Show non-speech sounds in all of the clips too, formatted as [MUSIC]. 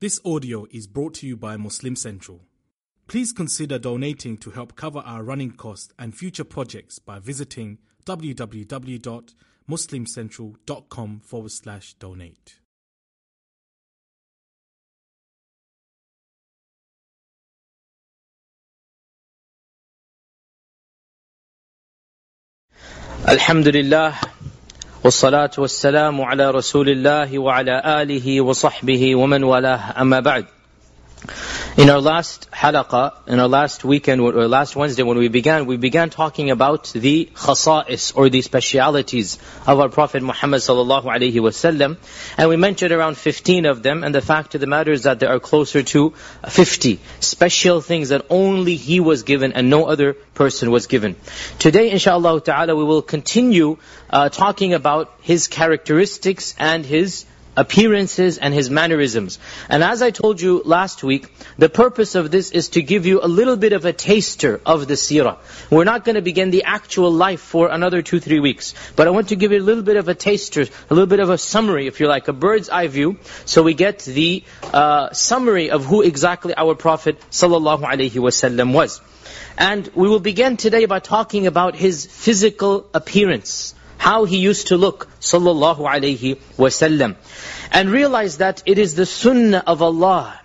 This audio is brought to you by Muslim Central. Please consider donating to help cover our running costs and future projects by visiting www.muslimcentral.com forward slash donate. Alhamdulillah والصلاة والسلام على رسول الله وعلى آله وصحبه ومن والاه أما بعد In our last halaqa, in our last weekend, or last Wednesday when we began, we began talking about the khasa'is, or the specialities of our Prophet Muhammad sallallahu alaihi wasallam. And we mentioned around 15 of them, and the fact of the matter is that there are closer to 50 special things that only he was given and no other person was given. Today, inshallah ta'ala, we will continue uh, talking about his characteristics and his appearances and his mannerisms. And as I told you last week, the purpose of this is to give you a little bit of a taster of the seerah. We're not going to begin the actual life for another two, three weeks. But I want to give you a little bit of a taster, a little bit of a summary, if you like, a bird's eye view. So we get the uh, summary of who exactly our Prophet ﷺ was. And we will begin today by talking about his physical appearance how he used to look, sallallahu alaihi wasallam. And realize that it is the sunnah of Allah.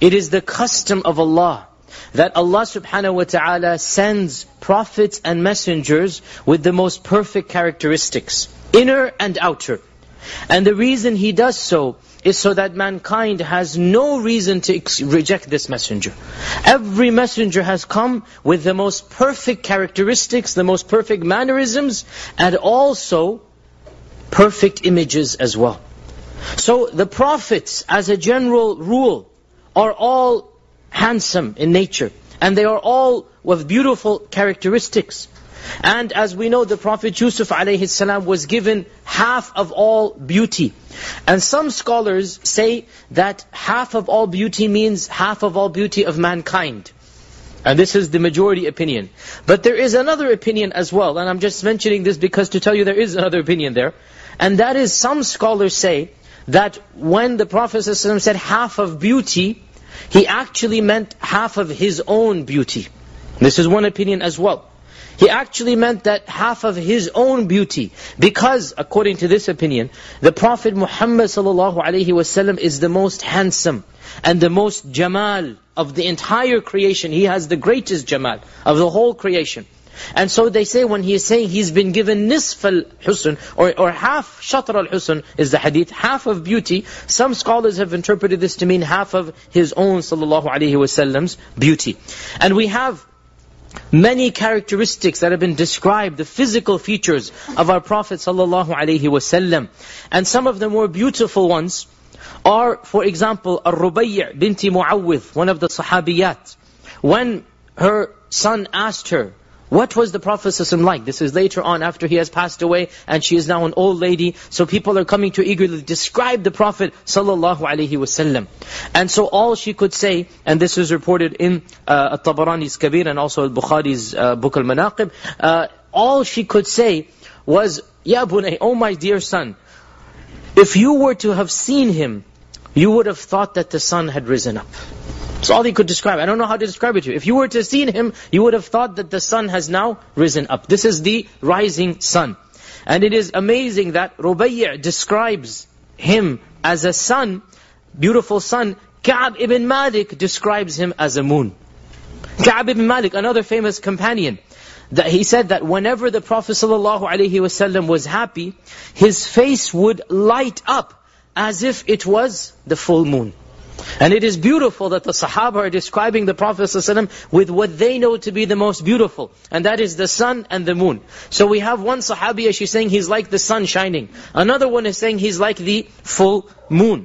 It is the custom of Allah that Allah subhanahu wa ta'ala sends prophets and messengers with the most perfect characteristics, inner and outer. And the reason He does so is so that mankind has no reason to reject this messenger. Every messenger has come with the most perfect characteristics, the most perfect mannerisms, and also perfect images as well. So the prophets, as a general rule, are all handsome in nature. And they are all with beautiful characteristics. And as we know, the Prophet Yusuf alayhi was given half of all beauty. And some scholars say that half of all beauty means half of all beauty of mankind. And this is the majority opinion. But there is another opinion as well, and I'm just mentioning this because to tell you there is another opinion there. And that is, some scholars say that when the Prophet ﷺ said half of beauty, he actually meant half of his own beauty. This is one opinion as well. He actually meant that half of his own beauty. Because, according to this opinion, the Prophet Muhammad ﷺ is the most handsome and the most jamal of the entire creation. He has the greatest jamal of the whole creation. And so they say when he is saying he's been given nisf al-husn, or, or half shatr al-husn is the hadith, half of beauty. Some scholars have interpreted this to mean half of his own sallallahu alayhi wasallam's beauty. And we have many characteristics that have been described, the physical features of our Prophet ﷺ. And some of the more beautiful ones are, for example, Ar-Rubayy' binti Muawwidh, one of the Sahabiyat. When her son asked her, what was the Prophet ﷺ like? This is later on after he has passed away and she is now an old lady. So people are coming to eagerly describe the Prophet ﷺ. And so all she could say, and this is reported in uh, Al-Tabarani's Kabir and also Al-Bukhari's uh, Book Al-Manaqib, uh, all she could say was, Ya Bunay, oh my dear son, if you were to have seen him, you would have thought that the sun had risen up. That's all he could describe. I don't know how to describe it to you. If you were to seen him, you would have thought that the sun has now risen up. This is the rising sun. And it is amazing that Rubayy' describes him as a sun, beautiful sun. Ka'ab ibn Malik describes him as a moon. Ka'ab ibn Malik, another famous companion, that he said that whenever the Prophet ﷺ was happy, his face would light up as if it was the full moon. And it is beautiful that the Sahaba are describing the Prophet ﷺ with what they know to be the most beautiful. And that is the sun and the moon. So we have one Sahabiya, she's saying he's like the sun shining. Another one is saying he's like the full moon.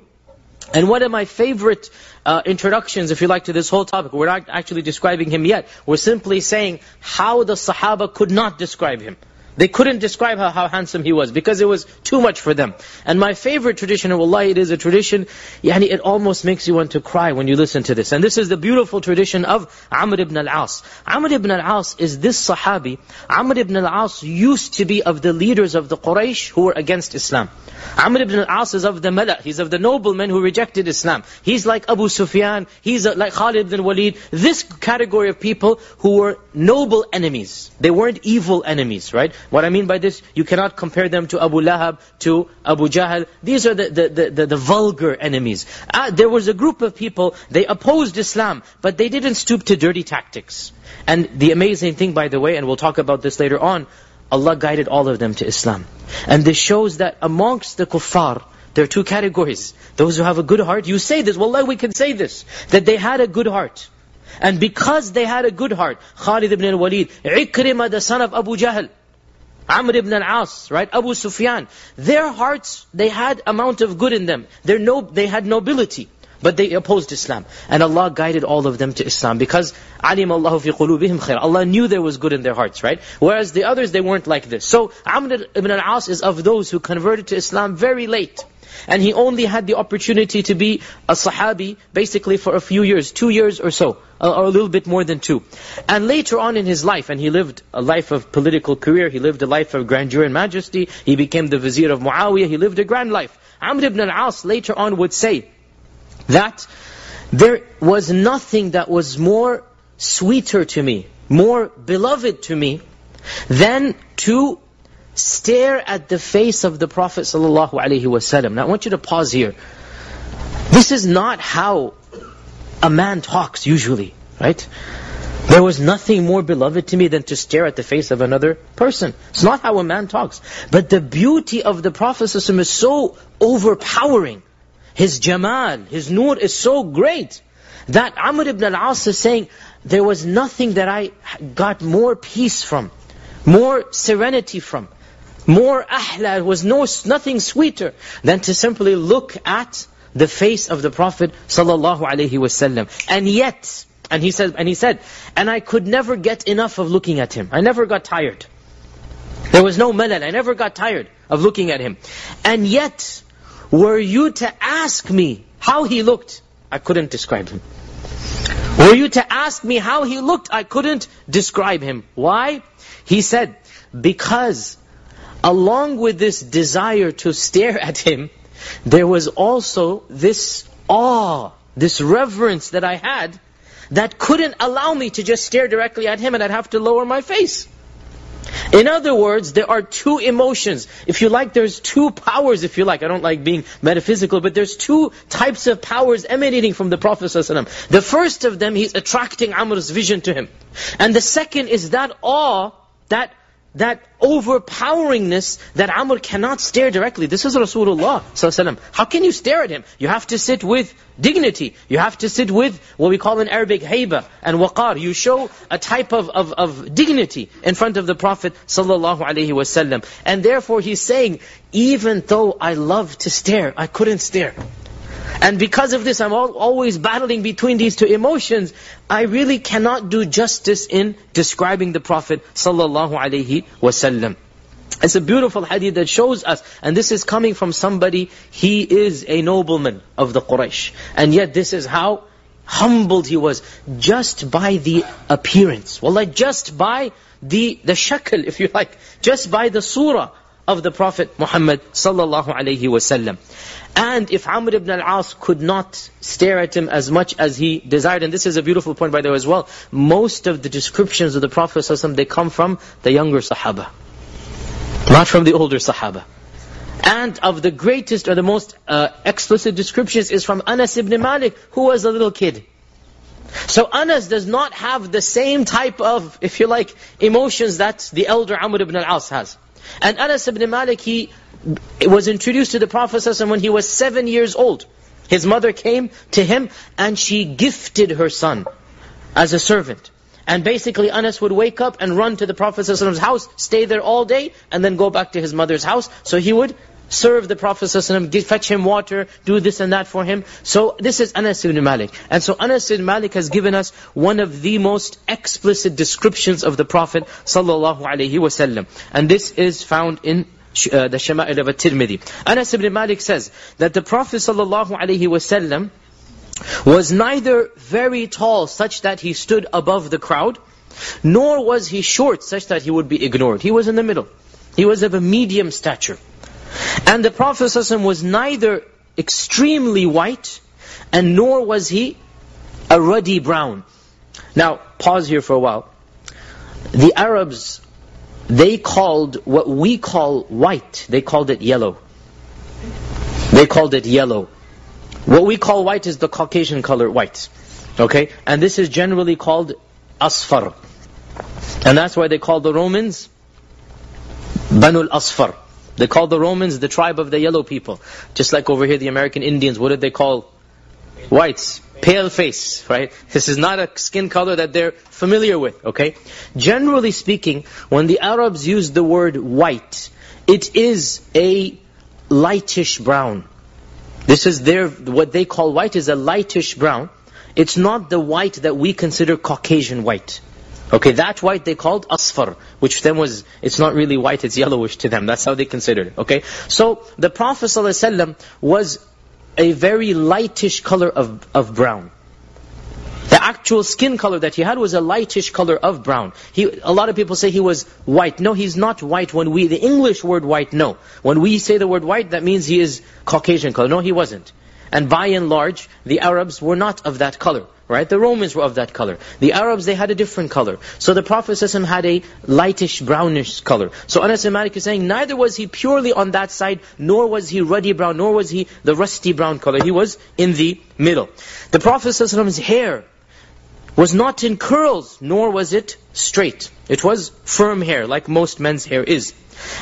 And one of my favorite uh, introductions, if you like, to this whole topic, we're not actually describing him yet. We're simply saying how the Sahaba could not describe him. They couldn't describe how, how handsome he was because it was too much for them. And my favorite tradition, of Allah, it is a tradition, yani it almost makes you want to cry when you listen to this. And this is the beautiful tradition of Amr ibn al-As. Amr ibn al-As is this sahabi. Amr ibn al-As used to be of the leaders of the Quraysh who were against Islam. Amr ibn al-As is of the mala, he's of the noblemen who rejected Islam. He's like Abu Sufyan, he's like Khalid ibn Walid. This category of people who were noble enemies. They weren't evil enemies, right? What I mean by this, you cannot compare them to Abu Lahab, to Abu Jahl. These are the, the, the, the vulgar enemies. Uh, there was a group of people, they opposed Islam, but they didn't stoop to dirty tactics. And the amazing thing, by the way, and we'll talk about this later on, Allah guided all of them to Islam. And this shows that amongst the kuffar, there are two categories. Those who have a good heart, you say this, wallah we can say this, that they had a good heart. And because they had a good heart, Khalid ibn al-Walid, Ikrimah the son of Abu Jahl, Amr ibn al-As, right? Abu Sufyan. Their hearts, they had amount of good in them. They're no, they had nobility. But they opposed Islam. And Allah guided all of them to Islam. Because عَلِمَ اللَّهُ فِي قُلُوبِهِمْ خَيْرًا Allah knew there was good in their hearts, right? Whereas the others, they weren't like this. So Amr ibn al-As is of those who converted to Islam very late. And he only had the opportunity to be a sahabi, basically for a few years, two years or so, or a little bit more than two. And later on in his life, and he lived a life of political career, he lived a life of grandeur and majesty, he became the vizier of Muawiyah, he lived a grand life. Amr ibn al-As later on would say that there was nothing that was more sweeter to me, more beloved to me, than to stare at the face of the Prophet wasallam. Now I want you to pause here. This is not how a man talks usually, right? There was nothing more beloved to me than to stare at the face of another person. It's not how a man talks. But the beauty of the Prophet is so overpowering. His jamal, his nur is so great that Amr ibn al-As is saying, there was nothing that I got more peace from, more serenity from, more ahla, was no, nothing sweeter than to simply look at the face of the Prophet sallallahu alaihi wasallam. And yet, and he said, and he said, and I could never get enough of looking at him. I never got tired. There was no malal. I never got tired of looking at him. And yet, were you to ask me how he looked, I couldn't describe him. Were you to ask me how he looked, I couldn't describe him. Why? He said, because along with this desire to stare at him, there was also this awe, this reverence that I had that couldn't allow me to just stare directly at him and I'd have to lower my face. In other words, there are two emotions. If you like, there's two powers, if you like. I don't like being metaphysical, but there's two types of powers emanating from the Prophet ﷺ. The first of them, he's attracting Amr's vision to him. And the second is that awe, that that overpoweringness that Amr cannot stare directly. This is Rasulullah How can you stare at him? You have to sit with dignity. You have to sit with what we call in Arabic heba and waqar. You show a type of, of, of dignity in front of the Prophet ﷺ. And therefore he's saying, even though I love to stare, I couldn't stare. And because of this, I'm all, always battling between these two emotions. I really cannot do justice in describing the Prophet sallallahu alaihi wasallam. It's a beautiful hadith that shows us, and this is coming from somebody, he is a nobleman of the Quraysh. And yet this is how humbled he was, just by the appearance. Well, like just by the, the shakl, if you like, just by the surah of the Prophet Muhammad sallallahu alaihi wasallam. And if Amr ibn al-As could not stare at him as much as he desired, and this is a beautiful point by the way as well, most of the descriptions of the Prophet sallallahu they come from the younger Sahaba, not from the older Sahaba. And of the greatest or the most uh, explicit descriptions is from Anas ibn Malik, who was a little kid. So Anas does not have the same type of, if you like, emotions that the elder Amr ibn al-As has. And Anas ibn Malik, he was introduced to the Prophet when he was seven years old. His mother came to him and she gifted her son as a servant. And basically Anas would wake up and run to the Prophet's house, stay there all day, and then go back to his mother's house. So he would serve the Prophet ﷺ, fetch him water, do this and that for him. So this is Anas ibn Malik. And so Anas ibn Malik has given us one of the most explicit descriptions of the Prophet ﷺ. And this is found in uh, the Shama'il of At-Tirmidhi. Anas ibn Malik says that the Prophet ﷺ was neither very tall such that he stood above the crowd, nor was he short such that he would be ignored. He was in the middle. He was of a medium stature. And the Prophet was neither extremely white, and nor was he a ruddy brown. Now, pause here for a while. The Arabs, they called what we call white, they called it yellow. They called it yellow. What we call white is the Caucasian color white. Okay? And this is generally called asfar. And that's why they called the Romans Banul Asfar. They called the Romans the tribe of the yellow people. Just like over here, the American Indians, what did they call whites? Pale face, right? This is not a skin color that they're familiar with, okay? Generally speaking, when the Arabs use the word white, it is a lightish brown. This is their, what they call white is a lightish brown. It's not the white that we consider Caucasian white. Okay, that white they called asfar, which then was, it's not really white, it's yellowish to them. That's how they considered it. Okay? So, the Prophet ﷺ was a very lightish color of, of brown. The actual skin color that he had was a lightish color of brown. He, a lot of people say he was white. No, he's not white. When we, the English word white, no. When we say the word white, that means he is Caucasian color. No, he wasn't. And by and large, the Arabs were not of that color. Right? The Romans were of that color. The Arabs, they had a different color. So the Prophet ﷺ had a lightish, brownish color. So Anas ibn Malik is saying, neither was he purely on that side, nor was he ruddy brown, nor was he the rusty brown color. He was in the middle. The Prophet ﷺ's hair was not in curls, nor was it straight. It was firm hair, like most men's hair is.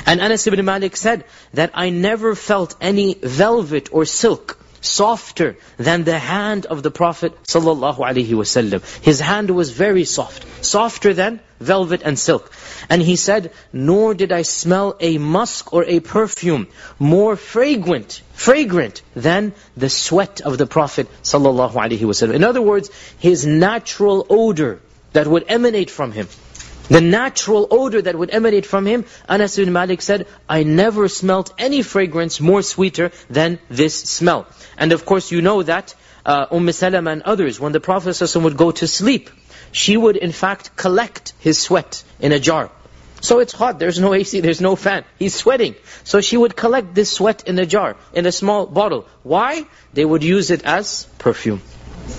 And Anas ibn Malik said that I never felt any velvet or silk softer than the hand of the Prophet ﷺ. His hand was very soft, softer than velvet and silk. And he said, nor did I smell a musk or a perfume more fragrant, fragrant than the sweat of the Prophet ﷺ. In other words, his natural odor that would emanate from him the natural odor that would emanate from him, Anas ibn Malik said, I never smelt any fragrance more sweeter than this smell. And of course you know that uh, Umm Salam and others, when the Prophet ﷺ would go to sleep, she would in fact collect his sweat in a jar. So it's hot, there's no AC, there's no fan. He's sweating. So she would collect this sweat in a jar, in a small bottle. Why? They would use it as perfume.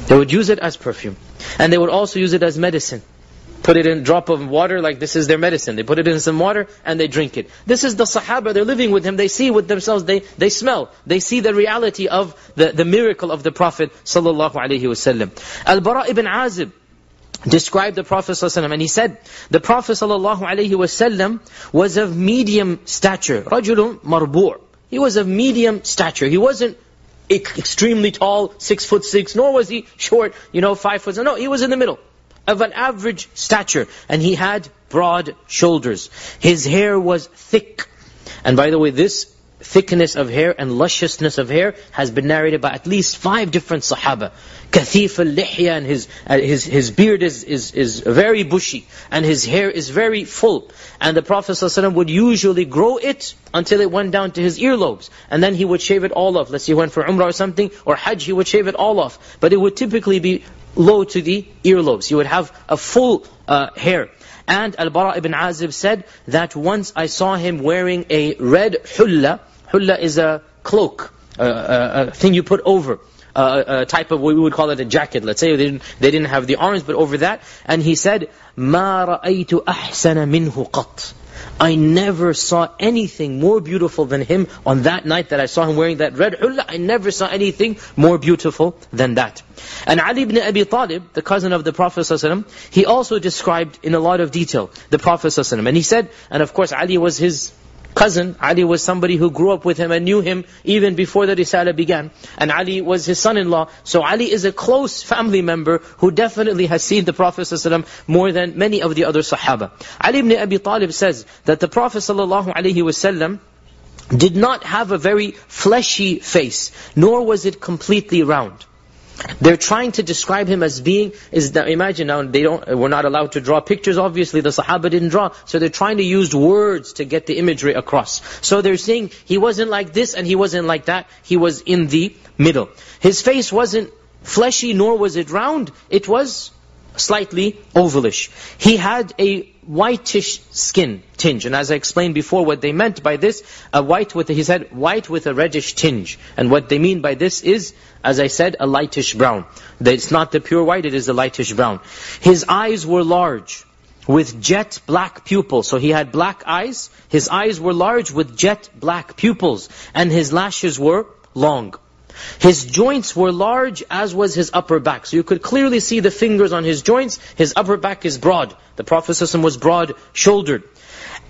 They would use it as perfume. And they would also use it as medicine put it in drop of water like this is their medicine. They put it in some water and they drink it. This is the Sahaba, they're living with him, they see with themselves, they, they smell. They see the reality of the, the miracle of the Prophet sallallahu alaihi wasallam. Al-Bara ibn Azib, described the Prophet ﷺ and he said, the Prophet ﷺ was of medium stature. رَجُلٌ مَرْبُوع He was of medium stature. He wasn't extremely tall, six foot six, nor was he short, you know, five foot. No, he was in the middle of an average stature, and he had broad shoulders. His hair was thick. And by the way, this thickness of hair and lusciousness of hair has been narrated by at least five different Sahaba. Kathif al-Lihya, and his, uh, his, his beard is, is, is very bushy, and his hair is very full. And the Prophet ﷺ would usually grow it until it went down to his earlobes. And then he would shave it all off. Let's say he went for Umrah or something, or Hajj, he would shave it all off. But it would typically be low to the earlobes. He would have a full uh, hair. And Al-Bara ibn Azib said that once I saw him wearing a red hulla. Hulla is a cloak, a, a, a thing you put over. A, type of, we would call it a jacket. Let's say they didn't, they didn't have the arms, but over that. And he said, مَا رَأَيْتُ أَحْسَنَ مِنْهُ قَطْ I never saw anything more beautiful than him on that night that I saw him wearing that red hullah. I never saw anything more beautiful than that. And Ali ibn Abi Talib, the cousin of the Prophet ﷺ, he also described in a lot of detail the Prophet ﷺ. And he said, and of course Ali was his cousin. Ali was somebody who grew up with him and knew him even before the Risala began. And Ali was his son-in-law. So Ali is a close family member who definitely has seen the Prophet ﷺ more than many of the other Sahaba. Ali ibn Abi Talib says that the Prophet ﷺ did not have a very fleshy face, nor was it completely round. They're trying to describe him as being, is that, imagine now, they don't, we're not allowed to draw pictures, obviously, the Sahaba didn't draw. So they're trying to use words to get the imagery across. So they're saying, he wasn't like this and he wasn't like that, he was in the middle. His face wasn't fleshy nor was it round, it was slightly ovalish. He had a whitish skin tinge. And as I explained before, what they meant by this, a white with, a, he said, white with a reddish tinge. And what they mean by this is, as I said, a lightish brown. It's not the pure white, it is the lightish brown. His eyes were large, with jet black pupils. So he had black eyes, his eyes were large with jet black pupils, and his lashes were long. His joints were large as was his upper back. So you could clearly see the fingers on his joints. His upper back is broad. The Prophet ﷺ was broad-shouldered.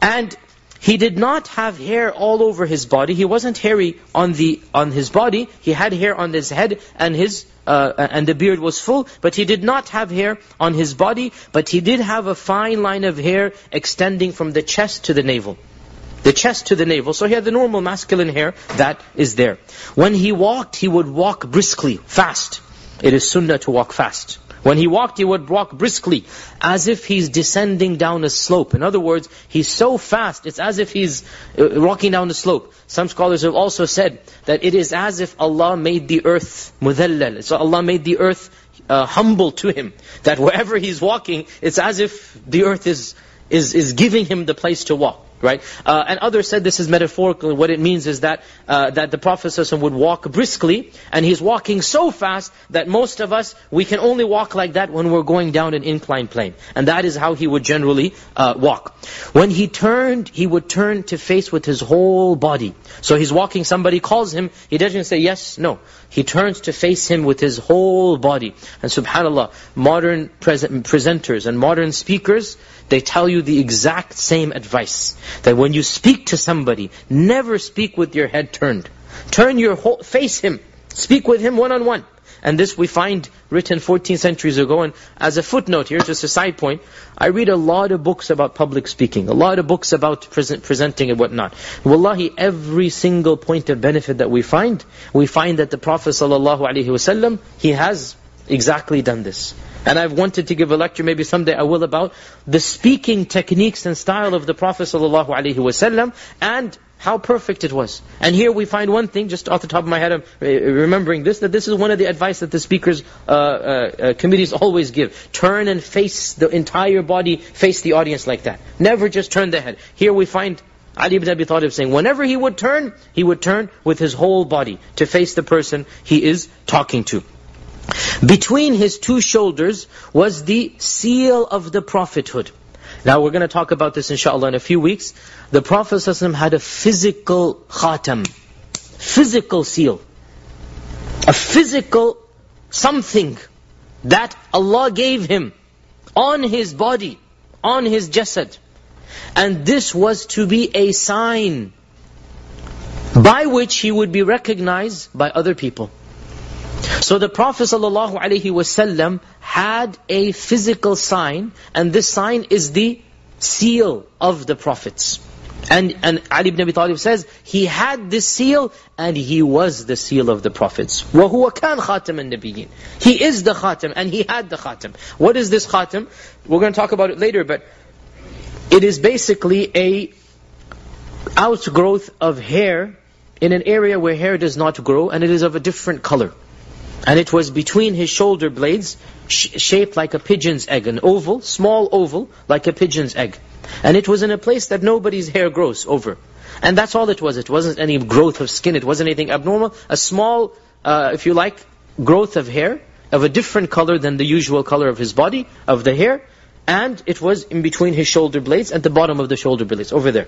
And he did not have hair all over his body. He wasn't hairy on the on his body. He had hair on his head and his uh, and the beard was full, but he did not have hair on his body, but he did have a fine line of hair extending from the chest to the navel the chest to the navel. So he had the normal masculine hair that is there. When he walked, he would walk briskly, fast. It is sunnah to walk fast. When he walked, he would walk briskly, as if he's descending down a slope. In other words, he's so fast, it's as if he's uh, walking down a slope. Some scholars have also said that it is as if Allah made the earth mudallal. So Allah made the earth uh, humble to him. That wherever he's walking, it's as if the earth is, is, is giving him the place to walk. Right? Uh, and others said this is metaphorical. What it means is that uh, that the Prophet would walk briskly, and he's walking so fast that most of us, we can only walk like that when we're going down an inclined plane. And that is how he would generally uh, walk. When he turned, he would turn to face with his whole body. So he's walking, somebody calls him, he doesn't say yes, no. He turns to face him with his whole body. And subhanAllah, modern presenters and modern speakers, they tell you the exact same advice. That when you speak to somebody, never speak with your head turned. Turn your whole, face him. Speak with him one-on-one. And this we find written 14 centuries ago. And as a footnote here, just a side point, I read a lot of books about public speaking, a lot of books about present, presenting and whatnot. Wallahi, every single point of benefit that we find, we find that the Prophet ﷺ, he has exactly done this. And I've wanted to give a lecture, maybe someday I will, about the speaking techniques and style of the Prophet ﷺ and how perfect it was. And here we find one thing, just off the top of my head, I'm remembering this, that this is one of the advice that the speakers, uh, uh, uh, committees always give. Turn and face the entire body, face the audience like that. Never just turn the head. Here we find Ali ibn Abi Talib saying, whenever he would turn, he would turn with his whole body to face the person he is talking to. Between his two shoulders was the seal of the prophethood. Now we're going to talk about this inshallah in a few weeks. The Prophet ﷺ had a physical khatam, physical seal, a physical something that Allah gave him on his body, on his jasad. And this was to be a sign by which he would be recognized by other people. So the Prophet ﷺ had a physical sign, and this sign is the seal of the prophets. And, and Ali ibn Abi Talib says, he had this seal, and he was the seal of the prophets. وَهُوَ كَانْ خَاتَمًا نَبِيٍّ He is the khatam, and he had the khatam. What is this khatam? We're going to talk about it later, but it is basically a outgrowth of hair in an area where hair does not grow, and it is of a different color. And it was between his shoulder blades, sh shaped like a pigeon's egg, an oval, small oval, like a pigeon's egg. And it was in a place that nobody's hair grows over. And that's all it was. It wasn't any growth of skin. It wasn't anything abnormal. A small, uh, if you like, growth of hair, of a different color than the usual color of his body, of the hair. And it was in between his shoulder blades, at the bottom of the shoulder blades, over there.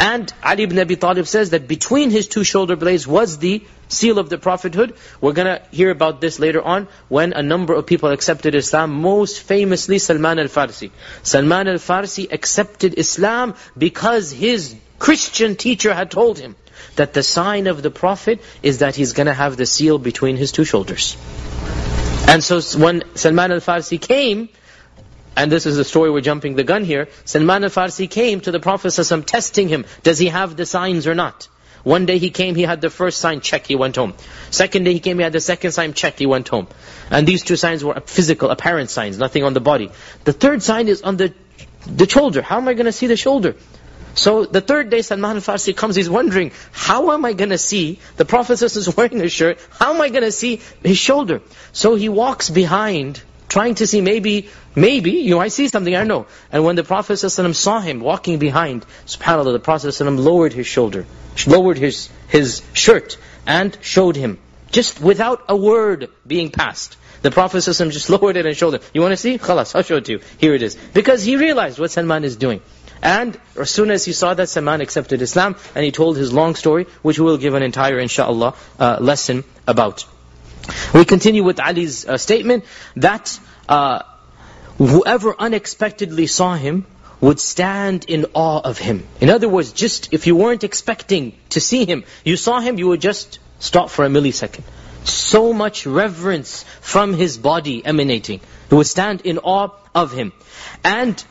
And Ali ibn Abi Talib says that between his two shoulder blades was the seal of the prophethood. We're going to hear about this later on, when a number of people accepted Islam, most famously Salman al-Farsi. Salman al-Farsi accepted Islam because his Christian teacher had told him that the sign of the prophet is that he's going to have the seal between his two shoulders. And so when Salman al-Farsi came and this is the story we're jumping the gun here, Salman al-Farsi came to the Prophet ﷺ testing him, does he have the signs or not? One day he came, he had the first sign, check, he went home. Second day he came, he had the second sign, check, he went home. And these two signs were physical, apparent signs, nothing on the body. The third sign is on the, the shoulder. How am I going to see the shoulder? So the third day Salman al-Farsi comes, he's wondering, how am I going to see, the Prophet is wearing a shirt, how am I going to see his shoulder? So he walks behind trying to see maybe, maybe, you know, I see something, I know. And when the Prophet ﷺ saw him walking behind, subhanAllah, the Prophet ﷺ lowered his shoulder, lowered his, his shirt, and showed him. Just without a word being passed. The Prophet ﷺ just lowered it and showed him. You want to see? Khalas, I'll show it to you. Here it is. Because he realized what Salman is doing. And as soon as he saw that, Salman accepted Islam, and he told his long story, which we will give an entire, inshaAllah, uh, lesson about. We continue with Ali's uh, statement that uh, whoever unexpectedly saw him would stand in awe of him. In other words, just if you weren't expecting to see him, you saw him, you would just stop for a millisecond. So much reverence from his body emanating. You would stand in awe of him. And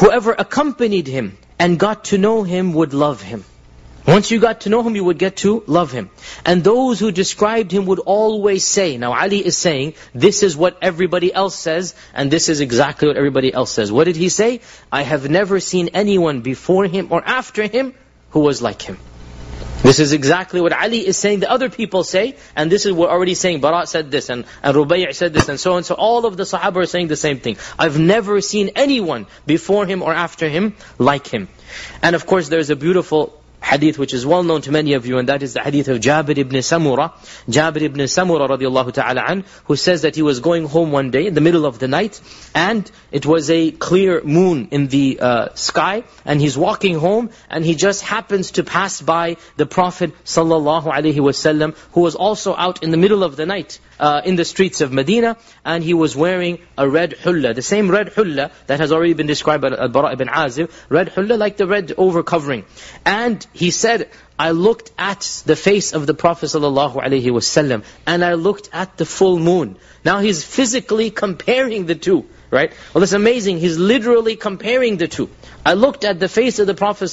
whoever accompanied him and got to know him would love him. Once you got to know him, you would get to love him. And those who described him would always say, now Ali is saying, this is what everybody else says, and this is exactly what everybody else says. What did he say? I have never seen anyone before him or after him who was like him. This is exactly what Ali is saying, the other people say, and this is what we're already saying, Barat said this, and, and Rubai' said this, and so on. So all of the Sahaba are saying the same thing. I've never seen anyone before him or after him like him. And of course there's a beautiful hadith which is well known to many of you, and that is the hadith of Jabir ibn Samura. Jabir ibn Samura radiallahu ta'ala an, who says that he was going home one day in the middle of the night, and it was a clear moon in the uh, sky, and he's walking home, and he just happens to pass by the Prophet sallallahu alaihi wasallam, who was also out in the middle of the night uh, in the streets of Medina, and he was wearing a red hulla, the same red hulla that has already been described by Al-Bara uh, ibn Azib, red hulla like the red overcovering. And he said, I looked at the face of the Prophet ﷺ, and I looked at the full moon. Now he's physically comparing the two. Right? Well, it's amazing. He's literally comparing the two. I looked at the face of the Prophet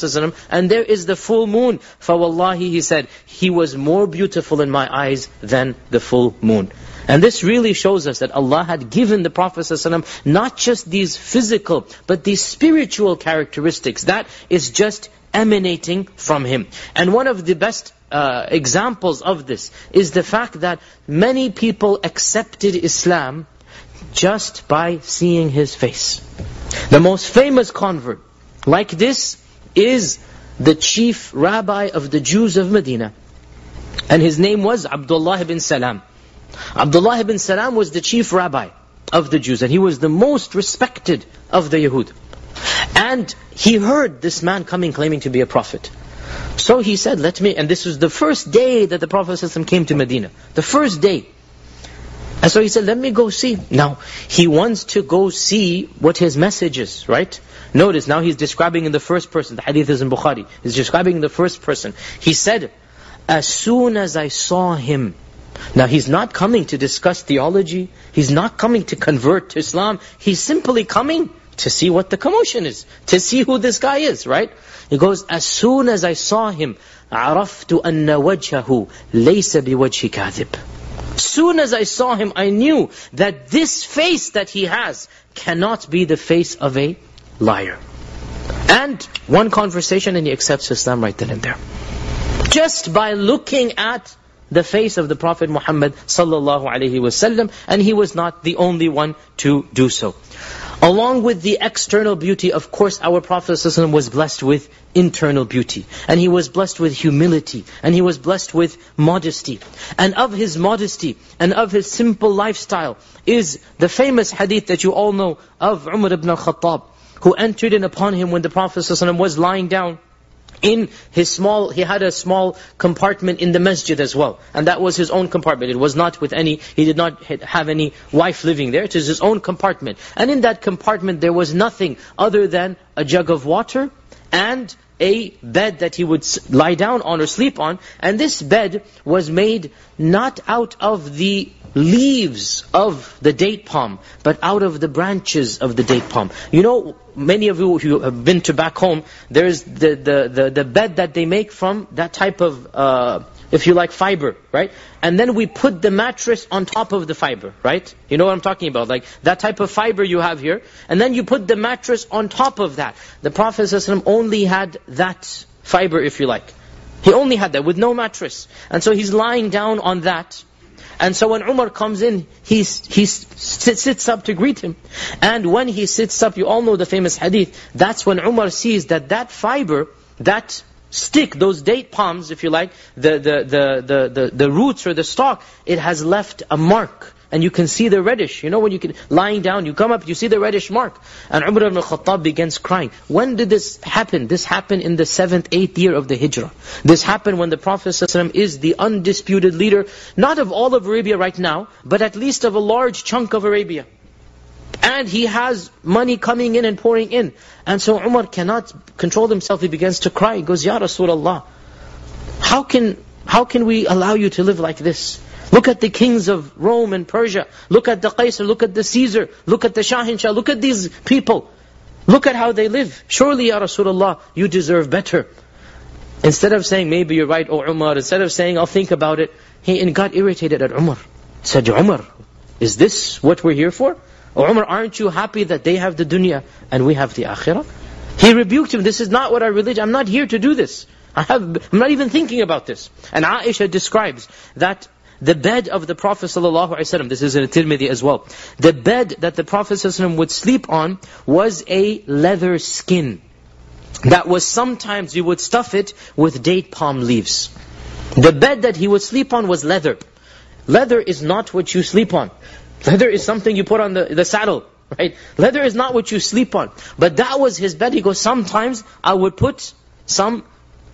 and there is the full moon. فَوَاللَّهِ He said, He was more beautiful in my eyes than the full moon. And this really shows us that Allah had given the Prophet not just these physical, but these spiritual characteristics. That is just emanating from Him. And one of the best uh, examples of this is the fact that many people accepted Islam just by seeing his face. The most famous convert like this is the chief rabbi of the Jews of Medina. And his name was Abdullah ibn Salam. Abdullah ibn Salam was the chief rabbi of the Jews, and he was the most respected of the Yehud. And he heard this man coming claiming to be a prophet. So he said, let me, and this was the first day that the Prophet came to Medina. The first day. And so he said, let me go see. Now, he wants to go see what his message is, right? Notice, now he's describing in the first person. The hadith is in Bukhari. He's describing in the first person. He said, as soon as I saw him. Now, he's not coming to discuss theology. He's not coming to convert to Islam. He's simply coming to see what the commotion is, to see who this guy is, right? He goes, as soon as I saw him, عَرَفْتُ أَنَّ وَجْهَهُ لَيْسَ بِوَجْهِ كَاذِبٍ Soon as I saw him, I knew that this face that he has cannot be the face of a liar. And one conversation and he accepts Islam right then and there. Just by looking at the face of the Prophet Muhammad sallallahu alaihi wasallam, and he was not the only one to do so. Along with the external beauty, of course, our Prophet ﷺ was blessed with internal beauty. And he was blessed with humility. And he was blessed with modesty. And of his modesty, and of his simple lifestyle, is the famous hadith that you all know of Umar ibn al-Khattab, who entered in upon him when the Prophet ﷺ was lying down in his small, he had a small compartment in the masjid as well. And that was his own compartment. It was not with any, he did not have any wife living there. It was his own compartment. And in that compartment there was nothing other than a jug of water and a bed that he would lie down on or sleep on, and this bed was made not out of the leaves of the date palm, but out of the branches of the date palm. You know, many of you who have been to back home, there's the, the, the, the bed that they make from that type of uh, if you like, fiber, right? And then we put the mattress on top of the fiber, right? You know what I'm talking about, like that type of fiber you have here. And then you put the mattress on top of that. The Prophet ﷺ only had that fiber, if you like. He only had that with no mattress. And so he's lying down on that. And so when Umar comes in, he, he sits up to greet him. And when he sits up, you all know the famous hadith, that's when Umar sees that that fiber, that stick, those date palms, if you like, the, the, the, the, the, roots or the stalk, it has left a mark. And you can see the reddish. You know when you can, lying down, you come up, you see the reddish mark. And Umar ibn al-Khattab begins crying. When did this happen? This happened in the seventh, eighth year of the Hijrah. This happened when the Prophet ﷺ is the undisputed leader, not of all of Arabia right now, but at least of a large chunk of Arabia. And he has money coming in and pouring in. And so Umar cannot control himself. He begins to cry. He goes, Ya Rasulullah, how can, how can we allow you to live like this? Look at the kings of Rome and Persia. Look at the Caesar. Look at the Caesar. Look at the Shahinshah. Look at these people. Look at how they live. Surely, Ya Rasulullah, you deserve better. Instead of saying, maybe you're right, O Umar. Instead of saying, I'll think about it. He got irritated at Umar. Said, Umar, is this what we're here for? Umar, aren't you happy that they have the dunya and we have the akhirah? He rebuked him, this is not what our religion, I'm not here to do this. I have, I'm not even thinking about this. And Aisha describes that the bed of the Prophet ﷺ, this is in Tirmidhi as well, the bed that the Prophet ﷺ would sleep on was a leather skin. That was sometimes you would stuff it with date palm leaves. The bed that he would sleep on was leather. Leather is not what you sleep on. Leather is something you put on the, the saddle, right? Leather is not what you sleep on. But that was his bed. He goes, sometimes I would put some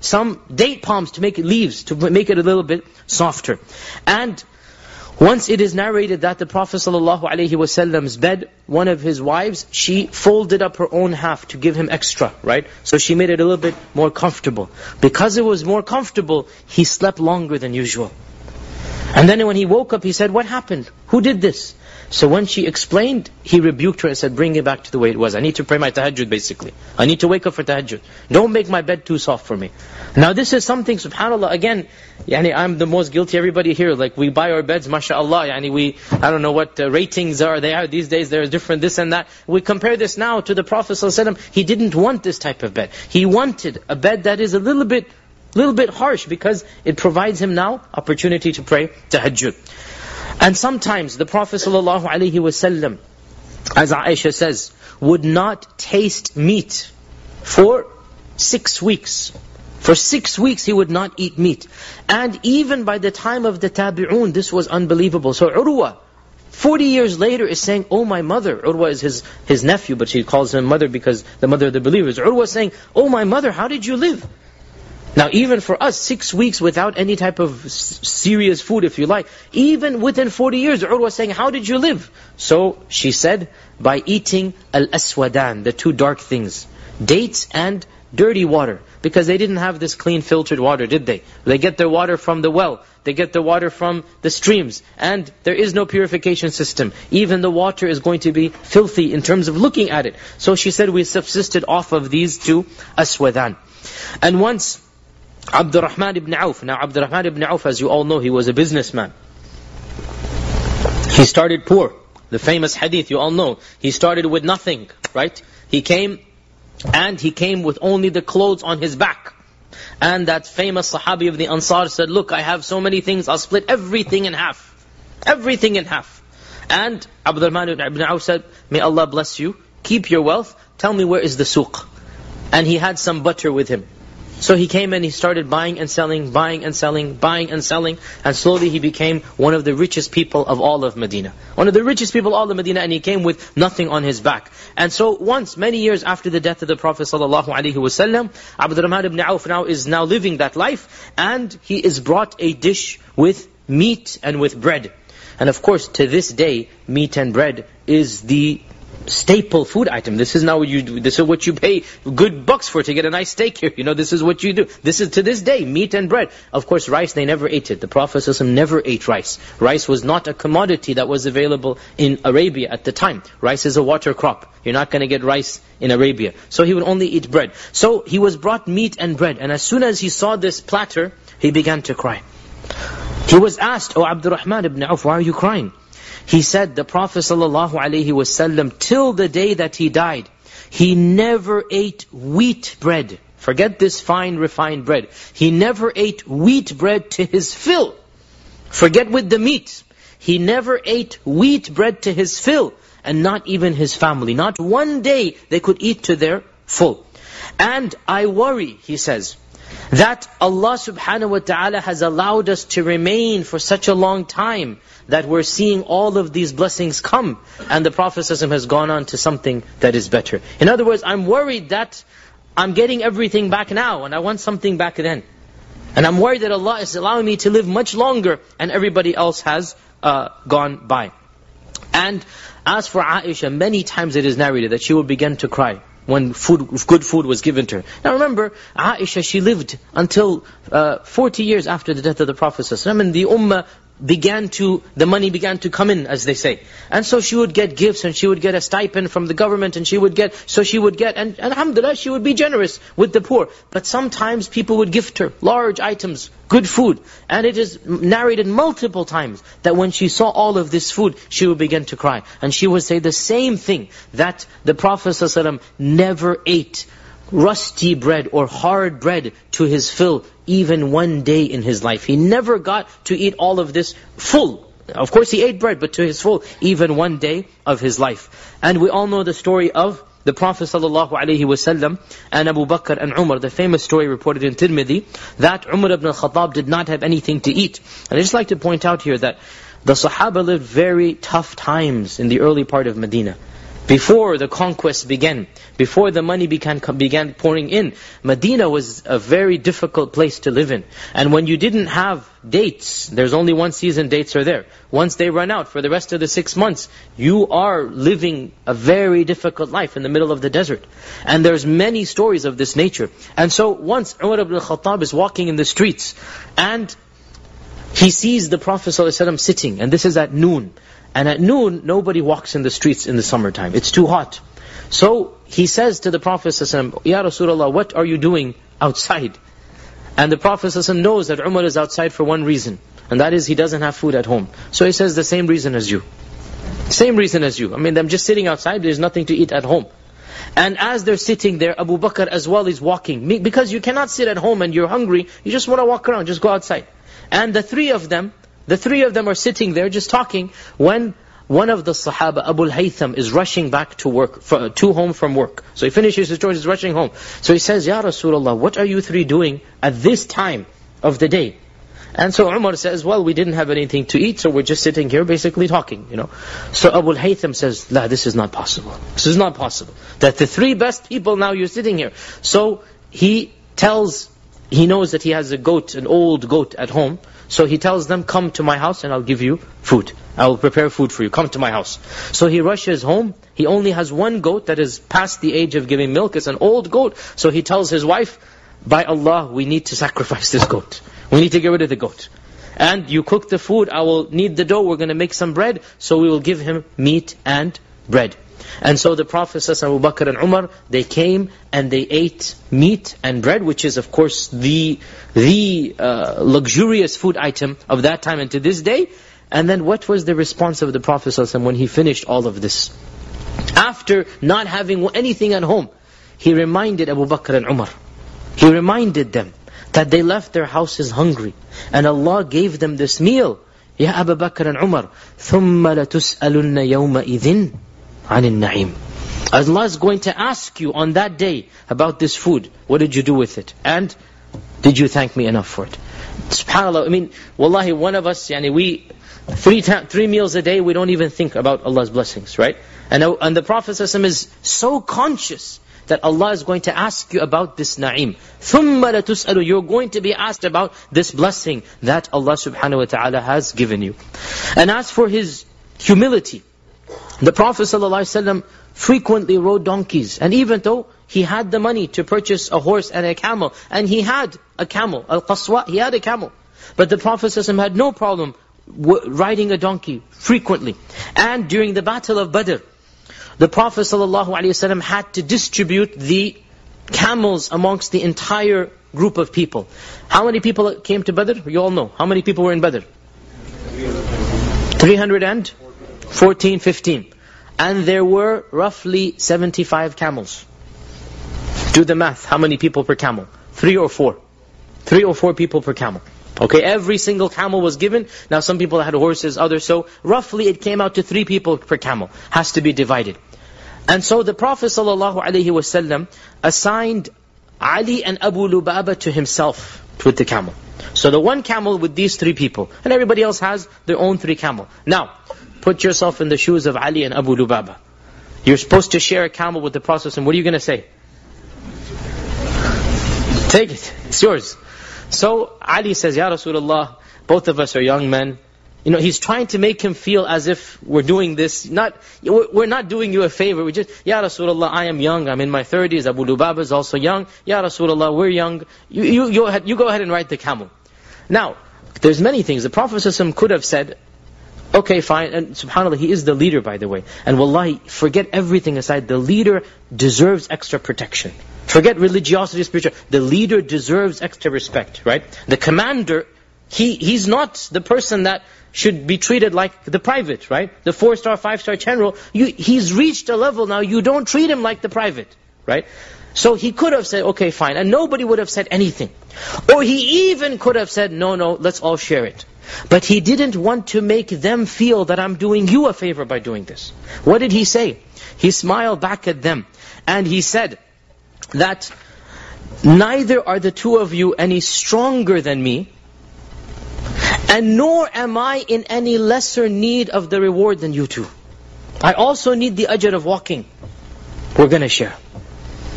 some date palms to make it leaves, to make it a little bit softer. And once it is narrated that the Prophet ﷺ's bed, one of his wives, she folded up her own half to give him extra, right? So she made it a little bit more comfortable. Because it was more comfortable, he slept longer than usual. And then when he woke up, he said, what happened? Who did this? So when she explained, he rebuked her and said, bring it back to the way it was. I need to pray my tahajjud basically. I need to wake up for tahajjud. Don't make my bed too soft for me. Now this is something, subhanAllah, again, yani I'm the most guilty everybody here. Like we buy our beds, mashallah, yani we, I don't know what uh, ratings are they are these days, they're different, this and that. We compare this now to the Prophet ﷺ. He didn't want this type of bed. He wanted a bed that is a little bit a little bit harsh because it provides him now opportunity to pray tahajjud. And sometimes the Prophet ﷺ, as Aisha says, would not taste meat for six weeks. For six weeks he would not eat meat. And even by the time of the Tabi'un, this was unbelievable. So Urwa, 40 years later is saying, Oh my mother, Urwa is his, his nephew, but she calls him mother because the mother of the believers. Urwa is saying, Oh my mother, how did you live? Now, even for us, six weeks without any type of serious food, if you like, even within 40 years, Urwa was saying, how did you live? So, she said, by eating al-aswadan, the two dark things, dates and dirty water. Because they didn't have this clean filtered water, did they? They get their water from the well. They get their water from the streams. And there is no purification system. Even the water is going to be filthy in terms of looking at it. So she said, we subsisted off of these two aswadan. And once Abdurrahman ibn Auf. Now, Abdurrahman ibn Auf, as you all know, he was a businessman. He started poor. The famous hadith, you all know. He started with nothing, right? He came, and he came with only the clothes on his back. And that famous Sahabi of the Ansar said, look, I have so many things, I'll split everything in half. Everything in half. And Abdurrahman ibn Auf said, may Allah bless you, keep your wealth, tell me where is the suq. And he had some butter with him. So he came and he started buying and selling, buying and selling, buying and selling, and slowly he became one of the richest people of all of Medina. One of the richest people all of Medina, and he came with nothing on his back. And so once, many years after the death of the Prophet sallallahu alaihi wasallam, Abdurrahman ibn Auf now is now living that life, and he is brought a dish with meat and with bread. And of course, to this day, meat and bread is the staple food item. This is now what you do. This is what you pay good bucks for to get a nice steak here. You know, this is what you do. This is to this day meat and bread. Of course, rice they never ate it. The Prophet ﷺ never ate rice. Rice was not a commodity that was available in Arabia at the time. Rice is a water crop. You're not going to get rice in Arabia. So he would only eat bread. So he was brought meat and bread. And as soon as he saw this platter, he began to cry. He was asked, "O oh, Abdurrahman ibn Auf, why are you crying?" He said, the Prophet ﷺ, till the day that he died, he never ate wheat bread. Forget this fine, refined bread. He never ate wheat bread to his fill. Forget with the meat. He never ate wheat bread to his fill, and not even his family. Not one day they could eat to their full. And I worry, he says, that Allah subhanahu wa ta'ala has allowed us to remain for such a long time that we're seeing all of these blessings come. And the Prophet has gone on to something that is better. In other words, I'm worried that I'm getting everything back now and I want something back then. And I'm worried that Allah is allowing me to live much longer and everybody else has uh, gone by. And as for Aisha, many times it is narrated that she would begin to cry when food, good food was given to her. Now remember, Aisha, she lived until uh, 40 years after the death of the Prophet Wasallam, And the ummah began to, the money began to come in, as they say. And so she would get gifts and she would get a stipend from the government and she would get, so she would get, and, and alhamdulillah, she would be generous with the poor. But sometimes people would gift her large items, good food. And it is narrated multiple times that when she saw all of this food, she would begin to cry. And she would say the same thing, that the Prophet ﷺ never ate rusty bread or hard bread to his fill even one day in his life. He never got to eat all of this full. Of course he ate bread, but to his full, even one day of his life. And we all know the story of the Prophet ﷺ and Abu Bakr and Umar, the famous story reported in Tirmidhi, that Umar ibn al-Khattab did not have anything to eat. And I just like to point out here that the Sahaba lived very tough times in the early part of Medina. Before the conquest began, before the money began, began pouring in, Medina was a very difficult place to live in. And when you didn't have dates, there's only one season dates are there. Once they run out for the rest of the six months, you are living a very difficult life in the middle of the desert. And there's many stories of this nature. And so once Umar ibn al-Khattab is walking in the streets, and he sees the Prophet ﷺ sitting, and this is at noon. And at noon, nobody walks in the streets in the summertime. It's too hot. So he says to the Prophet ﷺ, Ya Rasulullah, what are you doing outside? And the Prophet ﷺ knows that Umar is outside for one reason. And that is he doesn't have food at home. So he says the same reason as you. Same reason as you. I mean, I'm just sitting outside, there's nothing to eat at home. And as they're sitting there, Abu Bakr as well is walking. Because you cannot sit at home and you're hungry, you just want to walk around, just go outside. And the three of them, the three of them are sitting there just talking when one of the Sahaba, Abu al-Haytham, is rushing back to work, to home from work. So he finishes his chores, he's rushing home. So he says, Ya Rasulullah, what are you three doing at this time of the day? And so Umar says, well, we didn't have anything to eat, so we're just sitting here basically talking, you know. So Abu al-Haytham says, La, this is not possible. This is not possible. That the three best people now you're sitting here. So he tells, he knows that he has a goat, an old goat at home. So he tells them, come to my house and I'll give you food. I will prepare food for you. Come to my house. So he rushes home. He only has one goat that is past the age of giving milk. It's an old goat. So he tells his wife, by Allah, we need to sacrifice this goat. We need to get rid of the goat. And you cook the food, I will knead the dough, we're going to make some bread. So we will give him meat and bread. And so the Prophet Abu Bakr and Umar, they came and they ate meat and bread, which is of course the the uh, luxurious food item of that time and to this day. And then what was the response of the Prophet when he finished all of this? After not having anything at home, he reminded Abu Bakr and Umar. He reminded them that they left their houses hungry. And Allah gave them this meal. Ya Abu Bakr and Umar, ثُمَّ لَتُسْأَلُنَّ يَوْمَئِذٍ عن النعيم. Allah is going to ask you on that day about this food. What did you do with it? And did you thank me enough for it? SubhanAllah, I mean, wallahi, one of us, yani we, three, three meals a day, we don't even think about Allah's blessings, right? And, and the Prophet is so conscious that Allah is going to ask you about this na'im. ثُمَّ لَتُسْأَلُ You're going to be asked about this blessing that Allah subhanahu wa ta'ala has given you. And as for His humility, the Prophet ﷺ frequently rode donkeys. And even though he had the money to purchase a horse and a camel, and he had a camel, al-qaswa, he had a camel. But the Prophet ﷺ had no problem riding a donkey frequently. And during the battle of Badr, the Prophet ﷺ had to distribute the camels amongst the entire group of people. How many people came to Badr? You all know. How many people were in Badr? 300 and? 14, 15 and there were roughly 75 camels. Do the math, how many people per camel? Three or four. Three or four people per camel. Okay, every single camel was given. Now some people had horses, others, so roughly it came out to three people per camel. Has to be divided. And so the Prophet ﷺ assigned Ali and Abu Lubaba to himself with the camel. So the one camel with these three people. And everybody else has their own three camel. Now, Put yourself in the shoes of Ali and Abu Lubaba. You're supposed to share a camel with the Prophet. What are you going to say? Take it. It's yours. So Ali says, Ya Rasulullah, both of us are young men. You know, he's trying to make him feel as if we're doing this. Not, we're not doing you a favor. We just, Ya Rasulullah, I am young. I'm in my 30s. Abu Lubaba is also young. Ya Rasulullah, we're young. You, you, you, go ahead, and ride the camel. Now, there's many things. The Prophet could have said, Okay, fine. And subhanAllah, he is the leader, by the way. And wallahi, forget everything aside. The leader deserves extra protection. Forget religiosity, spiritual. The leader deserves extra respect, right? The commander, he he's not the person that should be treated like the private, right? The four-star, five-star general. You, he's reached a level now, you don't treat him like the private, right? So he could have said, okay, fine. And nobody would have said anything. Or he even could have said, no, no, let's all share it. But he didn't want to make them feel that I'm doing you a favor by doing this. What did he say? He smiled back at them and he said that neither are the two of you any stronger than me and nor am I in any lesser need of the reward than you two. I also need the ajr of walking. We're going to share.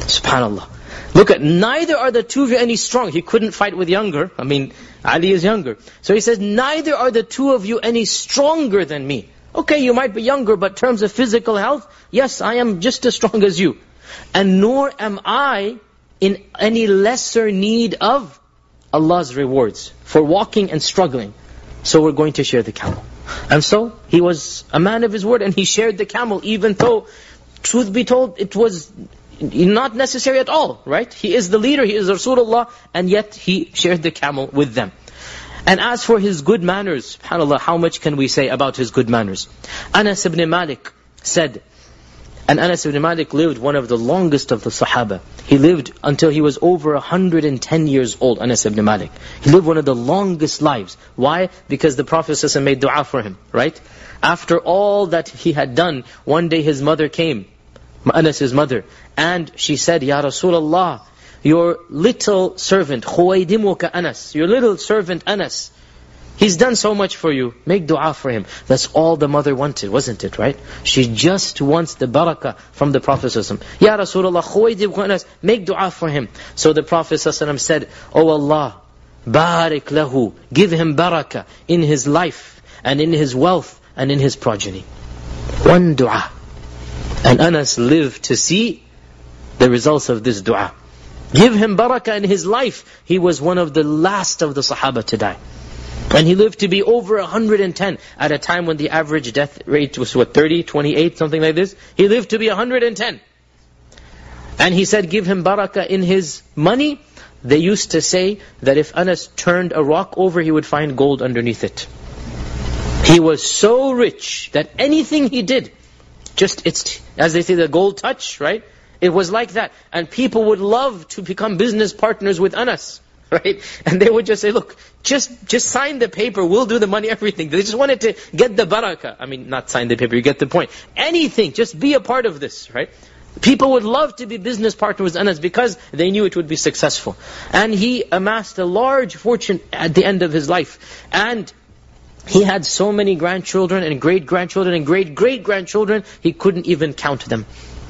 SubhanAllah. Look at, neither are the two of you any strong. He couldn't fight with younger. I mean, Ali is younger. So he says, neither are the two of you any stronger than me. Okay, you might be younger, but terms of physical health, yes, I am just as strong as you. And nor am I in any lesser need of Allah's rewards for walking and struggling. So we're going to share the camel. And so he was a man of his word and he shared the camel even though, truth be told, it was not necessary at all, right? He is the leader, he is Rasulullah, and yet he shared the camel with them. And as for his good manners, subhanAllah, how much can we say about his good manners? Anas ibn Malik said, and Anas ibn Malik lived one of the longest of the Sahaba. He lived until he was over 110 years old, Anas ibn Malik. He lived one of the longest lives. Why? Because the Prophet ﷺ made dua for him, right? After all that he had done, one day his mother came, Anas' mother, and she said, Ya Rasulullah, your little servant, Khuwaydimu ka Anas, your little servant Anas, He's done so much for you. Make dua for him. That's all the mother wanted, wasn't it, right? She just wants the barakah from the Prophet ﷺ. Ya Rasulullah, khuwaydib anas, make dua for him. So the Prophet said, Oh Allah, barik lahu, give him barakah in his life and in his wealth and in his progeny. One dua. And Anas lived to see the results of this dua. Give him barakah in his life. He was one of the last of the Sahaba to die. And he lived to be over 110 at a time when the average death rate was what, 30, 28, something like this. He lived to be 110. And he said, give him barakah in his money. They used to say that if Anas turned a rock over, he would find gold underneath it. He was so rich that anything he did, just it's, as they say, the gold touch, right? It was like that. And people would love to become business partners with Anas. [LAUGHS] Right? And they would just say, look, just just sign the paper, we'll do the money, [LAUGHS] everything. They just wanted to get the barakah. I mean, not sign the paper, you get the point. Anything, just be a part of this, right? People would love to be business partners with Anas because they knew it would be successful. And he amassed a large fortune at the end of his life. And he had so many grandchildren and great-grandchildren and great-great-grandchildren, he couldn't even count them.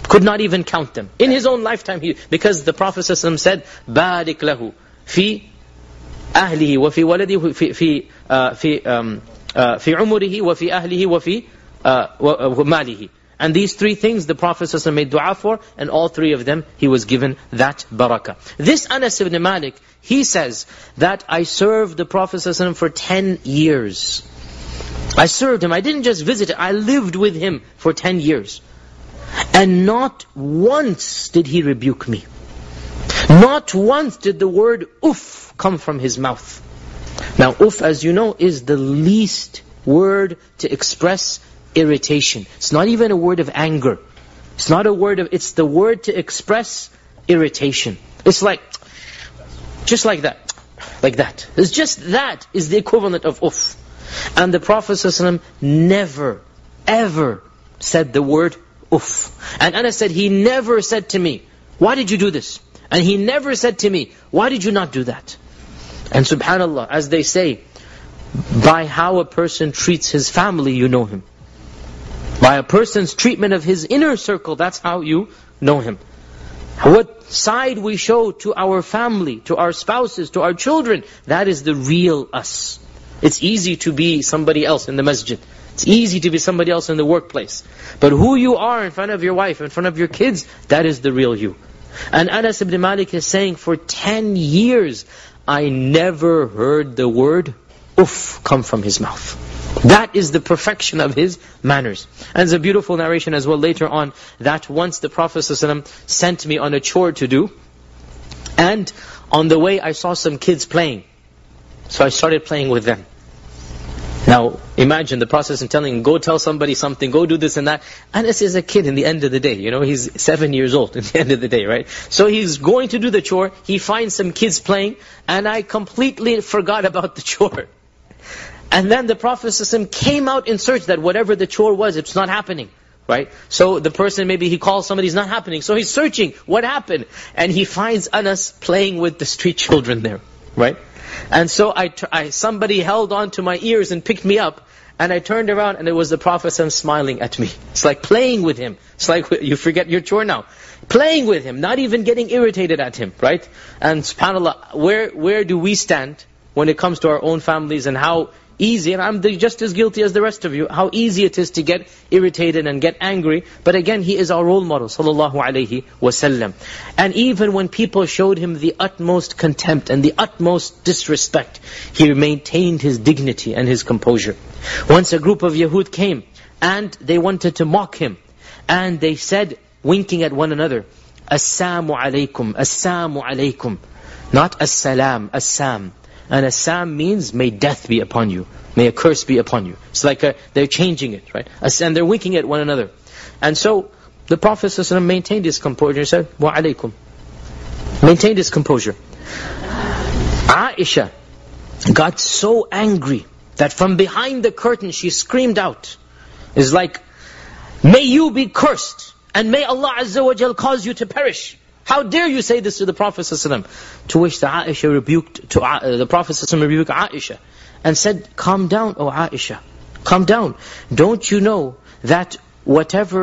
Could not even count them. In his own lifetime, he, because the Prophet ﷺ said, بَارِكْ لَهُ فِي أَهْلِهِ وَفِي وَلَدِهِ فِي, في, uh, في, um, uh, في عُمُرِهِ وَفِي أَهْلِهِ وَفِي uh, مَالِهِ uh, and these three things the Prophet ﷺ made dua for, and all three of them he was given that barakah. This Anas ibn Malik, he says that I served the Prophet ﷺ for 10 years. I served him, I didn't just visit him, I lived with him for 10 years. And not once did he rebuke me. Not once did the word uff come from his mouth. Now uff, as you know, is the least word to express irritation. It's not even a word of anger. It's not a word of, it's the word to express irritation. It's like, just like that, like that. It's just that is the equivalent of uff. And the Prophet ﷺ never, ever said the word Uff. And Anas said, he never said to me, why did you do this? And he never said to me, why did you not do that? And subhanAllah, as they say, by how a person treats his family, you know him. By a person's treatment of his inner circle, that's how you know him. What side we show to our family, to our spouses, to our children, that is the real us. It's easy to be somebody else in the masjid. It's easy to be somebody else in the workplace. But who you are in front of your wife, in front of your kids, that is the real you. And Anas ibn Malik is saying, for 10 years, I never heard the word uff come from his mouth. That is the perfection of his manners. And there's a beautiful narration as well later on, that once the Prophet ﷺ sent me on a chore to do, and on the way I saw some kids playing. So I started playing with them. Now, imagine the process of telling him, go tell somebody something, go do this and that. Anas is a kid in the end of the day, you know, he's seven years old at [LAUGHS] the end of the day, right? So he's going to do the chore, he finds some kids playing, and I completely forgot about the [LAUGHS] chore. And then the Prophet came out in search that whatever the chore was, it's not happening. Right? So the person, maybe he calls somebody, it's not happening. So he's searching, what happened? And he finds Anas playing with the street [LAUGHS] children there. Right? And so I, I, somebody held on to my ears and picked me up. And I turned around and it was the Prophet smiling at me. It's like playing with him. It's like you forget your chore now. Playing with him, not even getting irritated at him, right? And subhanAllah, where, where do we stand when it comes to our own families and how easy, and I'm just as guilty as the rest of you, how easy it is to get irritated and get angry. But again, he is our role model, sallallahu alaihi wasallam. And even when people showed him the utmost contempt and the utmost disrespect, he maintained his dignity and his composure. Once a group of Yahud came, and they wanted to mock him. And they said, winking at one another, Assalamu alaykum, Assalamu alaykum. Not Assalam, Assam. And Assam means, may death be upon you. May a curse be upon you. It's like a, they're changing it, right? And they're winking at one another. And so, the Prophet ﷺ maintained his composure. He said, wa alaykum. Maintained his composure. Aisha got so angry that from behind the curtain she screamed out. It's like, may you be cursed and may Allah Azza wa cause you to perish. How dare you say this to the Prophet ﷺ? To which the Aisha rebuked, to, uh, the Prophet ﷺ rebuked Aisha and said, calm down, O Aisha, calm down. Don't you know that whatever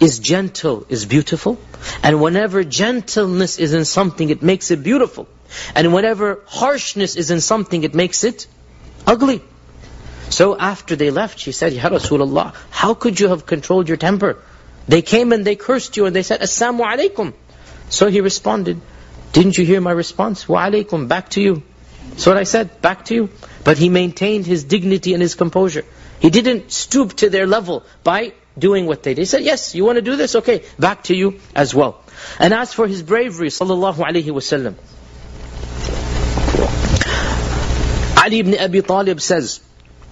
is gentle is beautiful? And whenever gentleness is in something, it makes it beautiful. And whenever harshness is in something, it makes it ugly. So after they left, she said, Ya Rasulullah, how could you have controlled your temper? They came and they cursed you and they said, Assalamu alaikum. So he responded, didn't you hear my response? Wa alaykum, back to you. So what I said, back to you. But he maintained his dignity and his composure. He didn't stoop to their level by doing what they did. He said, yes, you want to do this? Okay, back to you as well. And as for his bravery, sallallahu alayhi wasallam, Ali ibn Abi Talib says,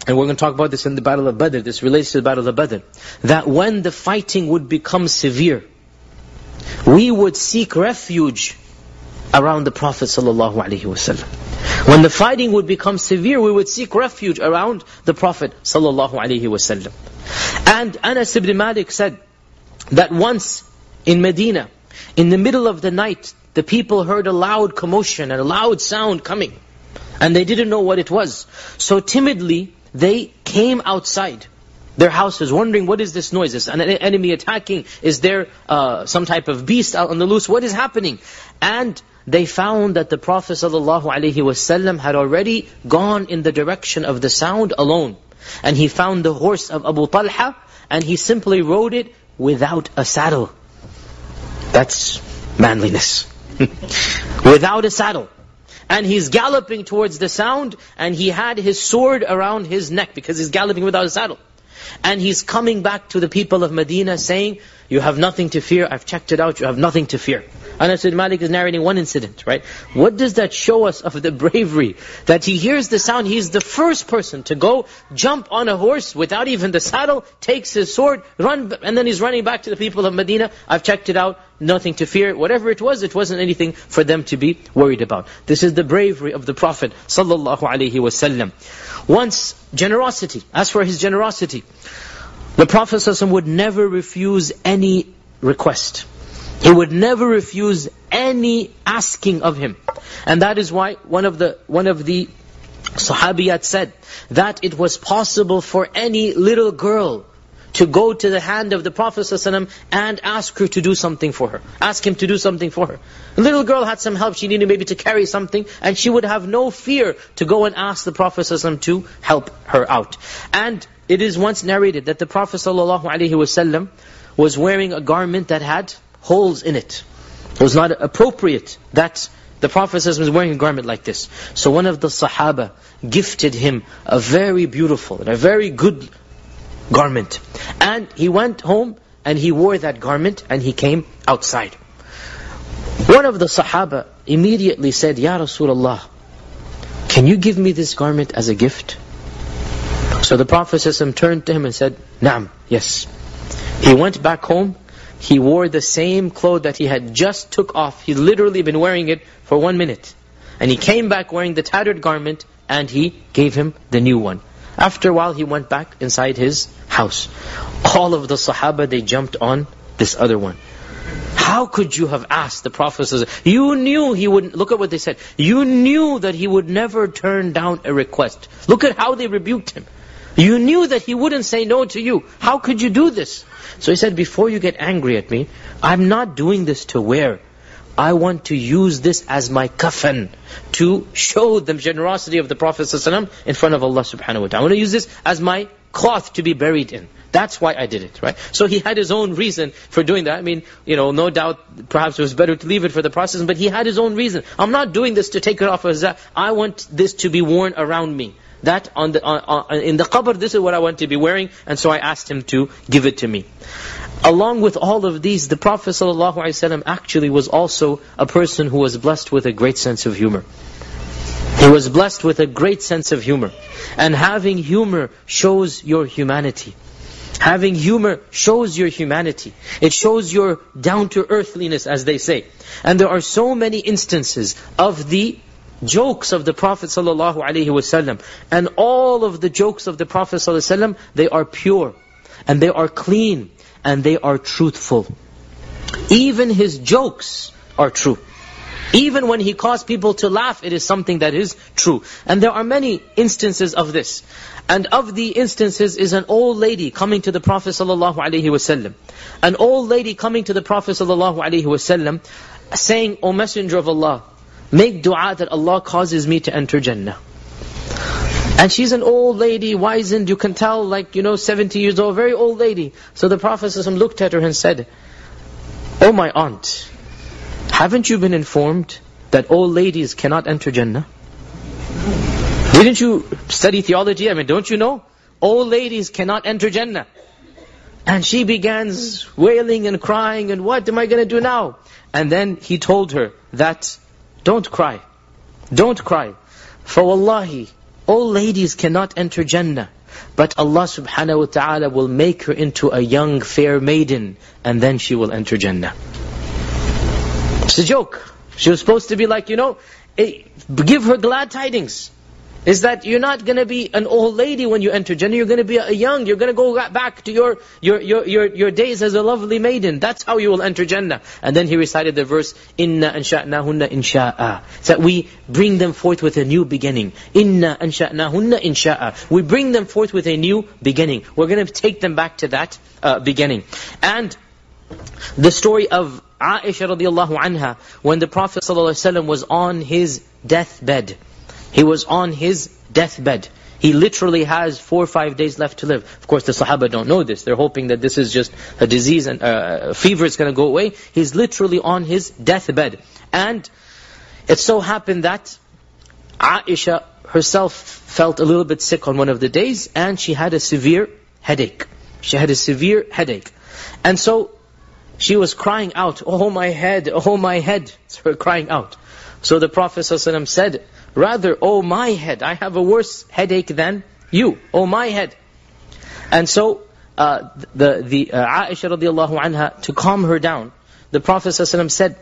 and we're going to talk about this in the Battle of Badr, this relates to the Battle of Badr, that when the fighting would become severe, we would seek refuge around the Prophet ﷺ. When the fighting would become severe, we would seek refuge around the Prophet ﷺ. And Anas ibn Malik said that once in Medina, in the middle of the night, the people heard a loud commotion and a loud sound coming. And they didn't know what it was. So timidly, they came outside their houses, wondering what is this noise? Is an enemy attacking? Is there uh, some type of beast out on the loose? What is happening? And they found that the Prophet ﷺ had already gone in the direction of the sound alone. And he found the horse of Abu Talha, and he simply rode it without a saddle. That's manliness. [LAUGHS] without a saddle and he's galloping towards the sound, and he had his sword around his neck because he's galloping without a saddle. And he's coming back to the people of Medina saying, you have nothing to fear, I've checked it out, you have nothing to fear. Anas ibn Malik is narrating one incident, right? What does that show us of the bravery? That he hears the sound, he's the first person to go jump on a horse without even the saddle, takes his sword, run, and then he's running back to the people of Medina, I've checked it out, nothing to fear. Whatever it was, it wasn't anything for them to be worried about. This is the bravery of the Prophet sallallahu alaihi wasallam. Once generosity, as for his generosity, the Prophet ﷺ would never refuse any request. He would never refuse any asking of him. And that is why one of the one of the Sahabiyat said that it was possible for any little girl to go to the hand of the Prophet ﷺ and ask her to do something for her. Ask him to do something for her. The little girl had some help, she needed maybe to carry something, and she would have no fear to go and ask the Prophet ﷺ to help her out. And it is once narrated that the Prophet ﷺ was wearing a garment that had holes in it. It was not appropriate that the Prophet was wearing a garment like this. So one of the Sahaba gifted him a very beautiful and a very good garment. And he went home and he wore that garment and he came outside. One of the Sahaba immediately said, Ya Rasulullah, can you give me this garment as a gift? So the Prophet turned to him and said, Naam, yes. He went back home, he wore the same cloth that he had just took off. He literally been wearing it for one minute. And he came back wearing the tattered garment and he gave him the new one. After a while he went back inside his house. All of the Sahaba, they jumped on this other one. How could you have asked the Prophet? You knew he would look at what they said. You knew that he would never turn down a request. Look at how they rebuked him. You knew that he wouldn't say no to you. How could you do this? So he said, before you get angry at me, I'm not doing this to wear. I want to use this as my kafan to show the generosity of the Prophet ﷺ in front of Allah subhanahu wa ta'ala. I want to use this as my cloth to be buried in. That's why I did it, right? So he had his own reason for doing that. I mean, you know, no doubt, perhaps it was better to leave it for the process, but he had his own reason. I'm not doing this to take it off as that. I want this to be worn around me. That on the on, on, in the qabr, this is what I want to be wearing, and so I asked him to give it to me. Along with all of these, the Prophet ﷺ actually was also a person who was blessed with a great sense of humor. He was blessed with a great sense of humor. And having humor shows your humanity. Having humor shows your humanity. It shows your down-to-earthliness, as they say. And there are so many instances of the jokes of the Prophet ﷺ. And all of the jokes of the Prophet ﷺ, they are pure. And they are clean. And they are truthful. Even his jokes are true. Even when he caused people to laugh, it is something that is true. And there are many instances of this. And of the instances is an old lady coming to the Prophet ﷺ. An old lady coming to the Prophet ﷺ saying, O Messenger of Allah, make dua that Allah causes me to enter Jannah. And she's an old lady, wizened, you can tell, like, you know, 70 years old, very old lady. So the Prophet ﷺ looked at her and said, Oh my aunt, haven't you been informed that all ladies cannot enter Jannah? Didn't you study theology? I mean, don't you know? All ladies cannot enter Jannah. And she begins wailing and crying and what am I going to do now? And then he told her that, don't cry. Don't cry. For wallahi, all ladies cannot enter Jannah. But Allah subhanahu wa ta'ala will make her into a young fair maiden and then she will enter Jannah. It's a joke. She was supposed to be like, you know, eh, give her glad tidings. Is that you're not going to be an old lady when you enter Jannah. You're going to be a young. You're going to go back to your, your, your, your, your days as a lovely maiden. That's how you will enter Jannah. And then he recited the verse, Inna ansha'nahunna insha'a. It's that we bring them forth with a new beginning. Inna ansha'nahunna insha'a. We bring them forth with a new beginning. We're going to take them back to that uh, beginning. And the story of Aisha radiallahu anha, when the Prophet ﷺ was on his deathbed, he was on his deathbed. He literally has four or five days left to live. Of course, the Sahaba don't know this. They're hoping that this is just a disease and uh, fever is going to go away. He's literally on his deathbed. And it so happened that Aisha herself felt a little bit sick on one of the days and she had a severe headache. She had a severe headache. And so she was crying out, Oh my head, oh my head. It's her crying out. So the Prophet ﷺ said, Rather, oh my head, I have a worse headache than you. Oh my head. And so, uh, the, the uh, Aisha radiallahu anha, to calm her down, the Prophet ﷺ said,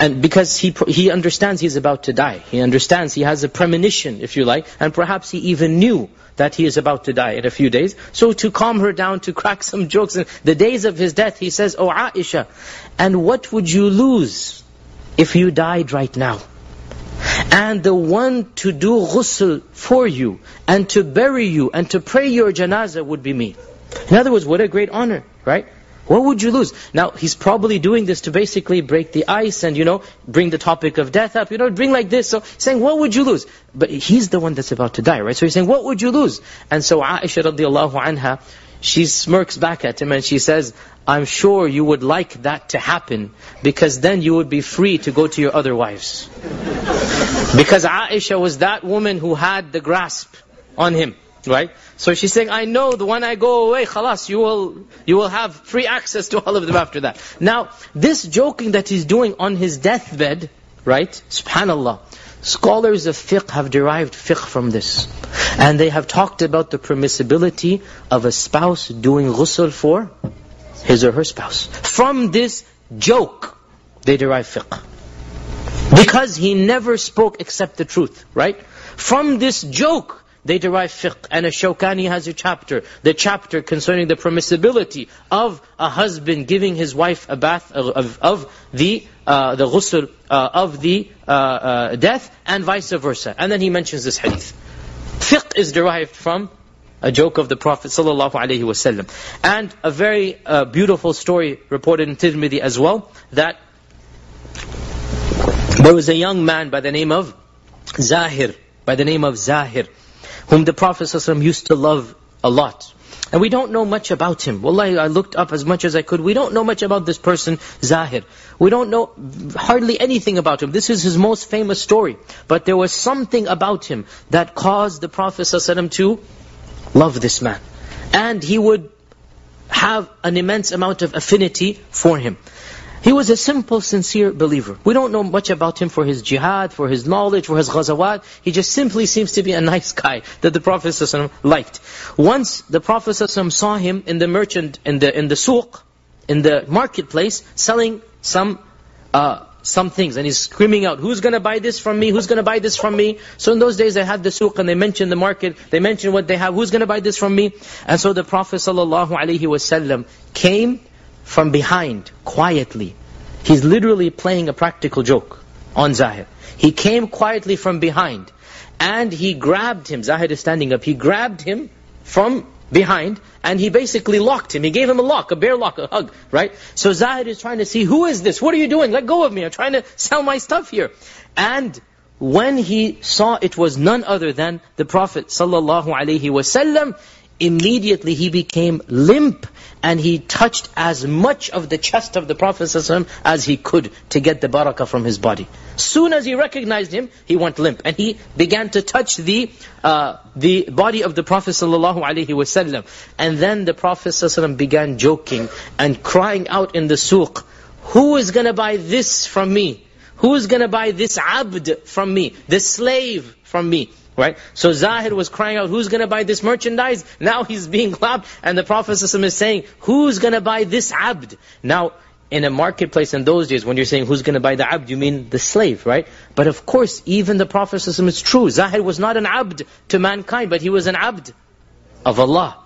and because he he understands he's about to die. He understands, he has a premonition, if you like, and perhaps he even knew that he is about to die in a few days. So to calm her down, to crack some jokes, and the days of his death, he says, "O oh, Aisha, and what would you lose if you died right now? And the one to do ghusl for you, and to bury you, and to pray your janazah would be me. In other words, what a great honor, right? What would you lose? Now, he's probably doing this to basically break the ice and, you know, bring the topic of death up, you know, bring like this. So, saying, what would you lose? But he's the one that's about to die, right? So he's saying, what would you lose? And so Aisha radiallahu anha, she smirks back at him and she says, I'm sure you would like that to happen because then you would be free to go to your other wives. [LAUGHS] because Aisha was that woman who had the grasp on him. Right? So she's saying, I know that when I go away, khalas, you will, you will have free access to all of them after that. Now, this joking that he's doing on his deathbed, right? Subhanallah. Scholars of fiqh have derived fiqh from this. And they have talked about the permissibility of a spouse doing ghusl for his or her spouse. From this joke, they derive fiqh. Because he never spoke except the truth, right? From this joke, they derive fiqh. And a has a chapter, the chapter concerning the permissibility of a husband giving his wife a bath uh, of, of the uh, the ghusl uh, of the uh, uh, death, and vice versa. And then he mentions this hadith. Fiqh is derived from a joke of the Prophet ﷺ. And a very uh, beautiful story reported in Tirmidhi as well, that there was a young man by the name of Zahir, by the name of Zahir whom the Prophet ﷺ used to love a lot. And we don't know much about him. Wallahi, I looked up as much as I could. We don't know much about this person, Zahir. We don't know hardly anything about him. This is his most famous story. But there was something about him that caused the Prophet ﷺ to love this man. And he would have an immense amount of affinity for him. He was a simple, sincere believer. We don't know much about him for his jihad, for his knowledge, for his ghazawat. He just simply seems to be a [LAUGHS] nice guy that the Prophet ﷺ liked. Once the Prophet ﷺ saw him in the merchant, in the in the suq, in the marketplace, selling some uh, some things. And he's screaming out, who's going to buy this from me? Who's going to buy this from me? So in those days they had the suq and they mentioned the market. They mentioned what they have. Who's going to buy this from me? And so the Prophet ﷺ came from behind, quietly. He's literally playing a practical joke on Zahir. He came quietly from behind and he grabbed him. Zahir is standing up. He grabbed him from behind and he basically locked him. He gave him a lock, a bear lock, a hug, right? So Zayd is trying to see, who is this? What are you doing? Let go of me. I'm trying to sell my stuff here. And when he saw it was none other than the Prophet sallallahu alaihi wasallam, immediately he became limp and he touched as much of the chest of the Prophet as he could to get the barakah from his body. Soon as he recognized him, he went limp, and he began to touch the uh, the body of the Prophet And then the Prophet began joking and crying out in the suq, "Who is going to buy this from me? Who is going to buy this abd from me? This slave from me?" Right? So Zahid was crying out, who's going to buy this merchandise? Now he's being clapped. And the Prophet is saying, who's going to buy this abd? Now, in a marketplace in those days, when you're saying who's going to buy the abd, you mean the slave, right? But of course, even the Prophet is true. Zahid was not an abd to mankind, but he was an abd of Allah.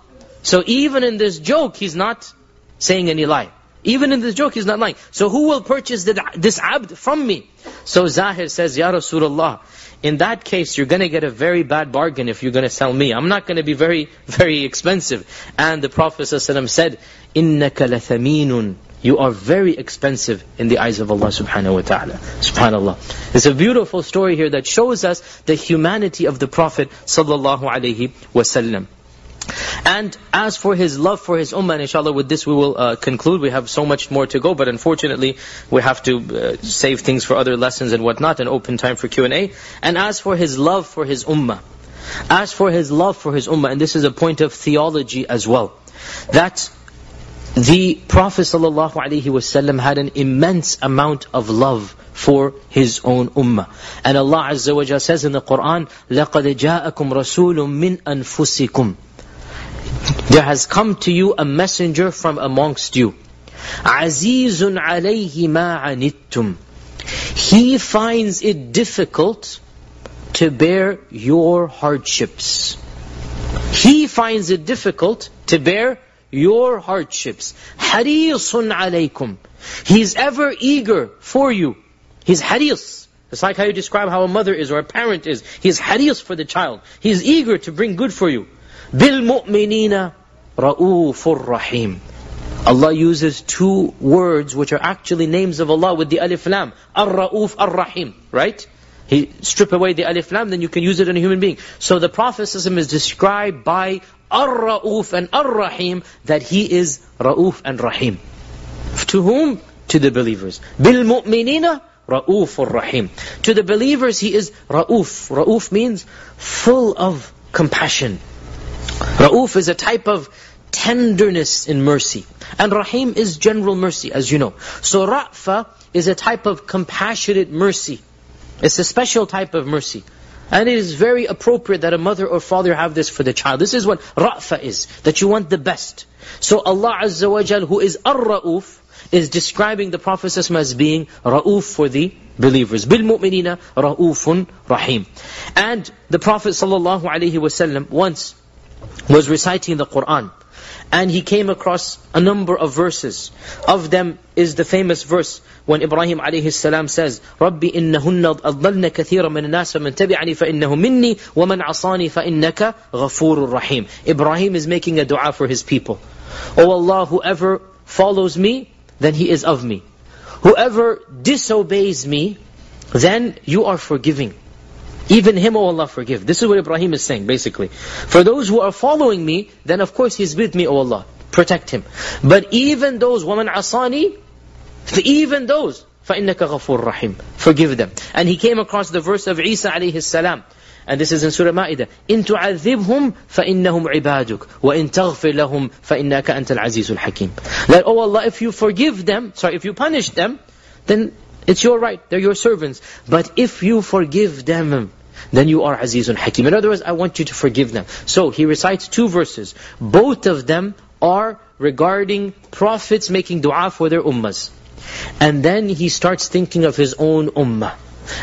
So even in this joke, he's not saying any lie. Even in this joke, he's not lying. So who will purchase this abd from me? So Zahir says, Ya Rasulullah, in that case, you're going to get a very bad bargain if you're going to sell me. I'm not going to be very, [LAUGHS] very expensive. And the Prophet ﷺ said, إِنَّكَ لَثَمِينٌ You are very expensive in the eyes of Allah subhanahu wa ta'ala. SubhanAllah. It's a beautiful story here that shows us the humanity of the Prophet sallallahu alaihi wasallam. And as for his love for his ummah, inshallah with this we will uh, conclude. We have so much more to go, but unfortunately we have to uh, save things for other lessons and whatnot and open time for Q&A. And as for his love for his ummah, as for his love for his ummah, and this is a point of theology as well, that the Prophet ﷺ had an immense amount of love for his own ummah. And Allah Azza wa says in the Qur'an, لَقَدْ جَاءَكُمْ رَسُولٌ مِّنْ أَنفُسِكُمْ there has come to you a messenger from amongst you. Azizun alayhi anittum. He finds it difficult to bear your hardships. He finds it difficult to bear your hardships. Harisun alaykum. He's ever eager for you. He's haris. It's like how you describe how a mother is or a parent is. He's haris for the child. He's eager to bring good for you. بِالْمُؤْمِنِينَ رَؤُوفٌ rahim. Allah uses two words which are actually names of Allah with the alif lam. Ar-Ra'uf, Ar-Rahim. Right? He strip away the alif lam, then you can use it in a human being. So the Prophet is described by Ar-Ra'uf and Ar-Rahim that he is Ra'uf and Rahim. To whom? To the believers. Bil-mu'minina Ra'uf Rahim. To the believers, he is Ra'uf. Ra'uf means full of compassion. Ra'uf is a type of tenderness in mercy. And Rahim is general mercy, as you know. So Ra'fa is a type of compassionate mercy. It's a special type of mercy. And it is very appropriate that a mother or father have this for the child. This is what Ra'fa is, that you want the best. So Allah Azza wa Jal, who is Ar-Ra'uf, is describing the Prophet as being Ra'uf for the believers. Bil-mu'minina Ra'ufun Rahim. And the Prophet sallallahu alaihi wasallam once was reciting the Qur'an. And he came across a number of verses. Of them is the famous verse when Ibrahim alayhi salam says, رَبِّ إِنَّهُنَّ أَضَّلْنَ كَثِيرًا مِنَ النَّاسِ وَمَنْ تَبِعَنِي فَإِنَّهُ مِنِّي asani عَصَانِي فَإِنَّكَ ghafurur rahim." Ibrahim is making a dua for his people. O oh Allah, whoever follows me, then he is of me. Whoever disobeys me, then you are forgiving. Even him, O oh Allah, forgive. This is what Ibrahim is saying, basically. For those who are following me, then of course he's with me, O oh Allah. Protect him. But even those, woman asani, even those, فَإِنَّكَ غَفُورٌ rahim. Forgive them. And he came across the verse of Isa alayhi salam. And this is in Surah Ma'idah. إِن تُعَذِّبْهُمْ فَإِنَّهُمْ عِبَادُكَ وَإِن تَغْفِرْ لَهُمْ فَإِنَّكَ أَنْتَ الْعَزِيزُ الْحَكِيمُ That, O oh Allah, if you forgive them, sorry, if you punish them, then it's your right, they're your servants. But if you forgive them, then you are Azizun Hakim. In other words, I want you to forgive them. So he recites two verses. Both of them are regarding prophets making dua for their ummas. And then he starts thinking of his own ummah.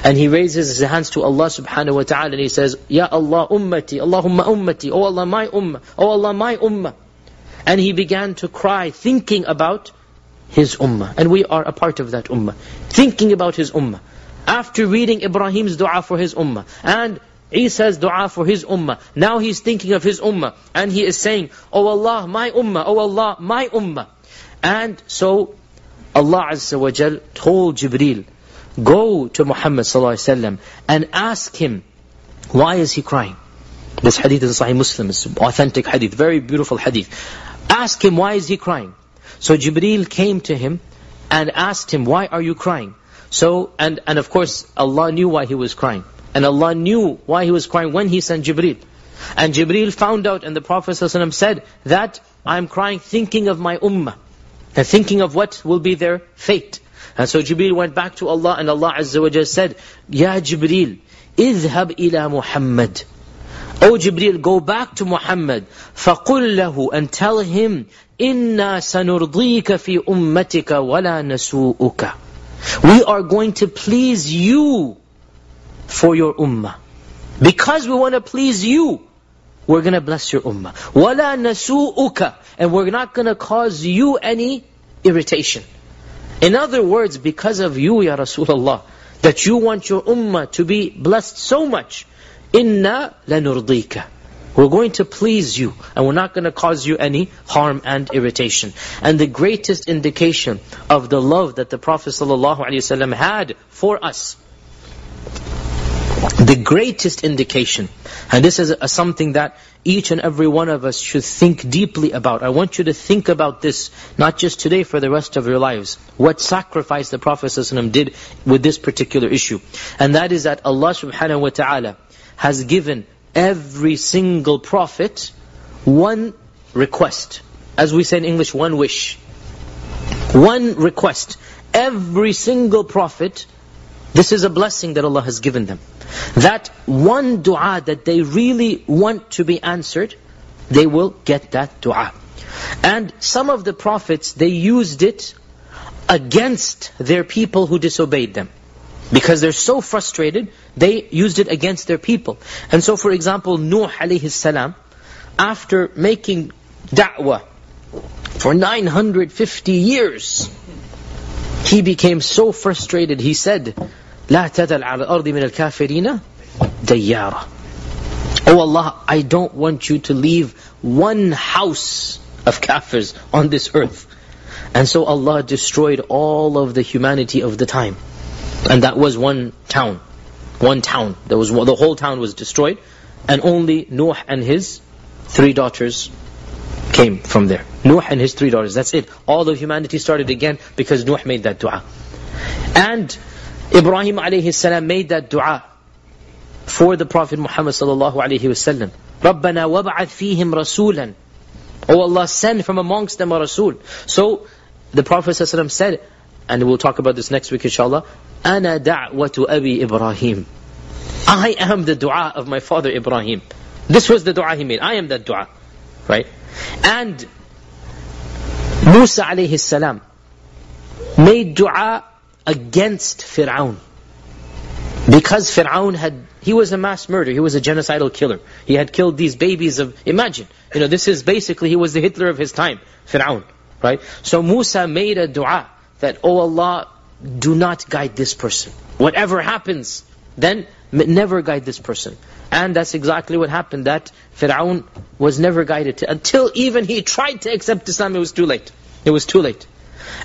And he raises his hands to Allah subhanahu wa ta'ala and he says, Ya Allah ummati, Allahumma ummati, O Allah my ummah, O Allah my ummah. And he began to cry thinking about his ummah. And we are a part of that ummah. Thinking about his ummah. After reading Ibrahim's dua for his ummah and Isa's dua for his ummah, now he's thinking of his ummah and he is saying, Oh Allah, my ummah, oh Allah, my ummah. And so Allah Azza wa Jal told Jibreel, go to Muhammad and ask him, why is he crying? This hadith is Sahih Muslim, authentic hadith, very beautiful hadith. Ask him, why is he crying? So Jibreel came to him and asked him, why are you crying? So, and, and of course, Allah knew why he was crying. And Allah knew why he was crying when He sent Jibreel. And Jibreel found out and the Prophet ﷺ said that I'm crying thinking of my ummah. And thinking of what will be their fate. And so Jibreel went back to Allah and Allah Azza wa said, Ya Jibreel, اذهب ila Muhammad. O Jibril, go back to Muhammad, فَقُلْ لَهُ And tell him, إِنَّا سَنُرْضِيكَ فِي أُمَّتِكَ وَلَا نَسُوءُكَ We are going to please you for your ummah. Because we want to please you, we're going to bless your ummah. وَلَا نَسُوءُكَ And we're not going to cause you any irritation. In other words, because of you, Ya Rasulullah, that you want your ummah to be blessed so much, Inna lanurdika. We're going to please you and we're not going to cause you any harm and irritation. And the greatest indication of the love that the Prophet ﷺ had for us, the greatest indication, and this is something that each and every one of us should think deeply about. I want you to think about this, not just today, for the rest of your lives. What sacrifice the Prophet ﷺ did with this particular issue. And that is that Allah subhanahu wa ta'ala has given every single prophet one request. As we say in English, one wish. One request. Every single prophet, this is a blessing that Allah has given them. That one dua that they really want to be answered, they will get that dua. And some of the prophets, they used it against their people who disobeyed them. Because they're so frustrated, they used it against their people. And so for example, Nuh alayhi salam, after making da'wah for 950 years, he became so frustrated, he said, لا تدل على الأرض من الكافرين ديارا Oh Allah, I don't want you to leave one house of kafirs on this earth. And so Allah destroyed all of the humanity of the time. And that was one town. One town. There was the whole town was destroyed, and only Noah and his three daughters came from there. Noah and his three daughters. That's it. All of humanity started again because Noah made that dua. And Ibrahim alayhi salam made that dua for the Prophet Muhammad sallallahu alayhi wasallam. رَبَّنَا وَبَعَثْ فِيهِمْ رَسُولًا Oh Allah, send from amongst them a Rasul. So, the Prophet ﷺ said, and we'll talk about this next week inshallah, أنا دعوة أبي إبراهيم I am the dua of my father Ibrahim This was the dua he made I am that dua Right And Musa alayhi salam made dua against Fir'aun because Fir'aun had he was a mass murderer he was a genocidal killer he had killed these babies of imagine you know this is basically he was the Hitler of his time Fir'aun right so Musa made a dua that oh Allah do not guide this person. Whatever happens, then never guide this person. And that's exactly what happened, that Fir'aun was never guided. To, until even he tried to accept Islam, it was too late. It was too late.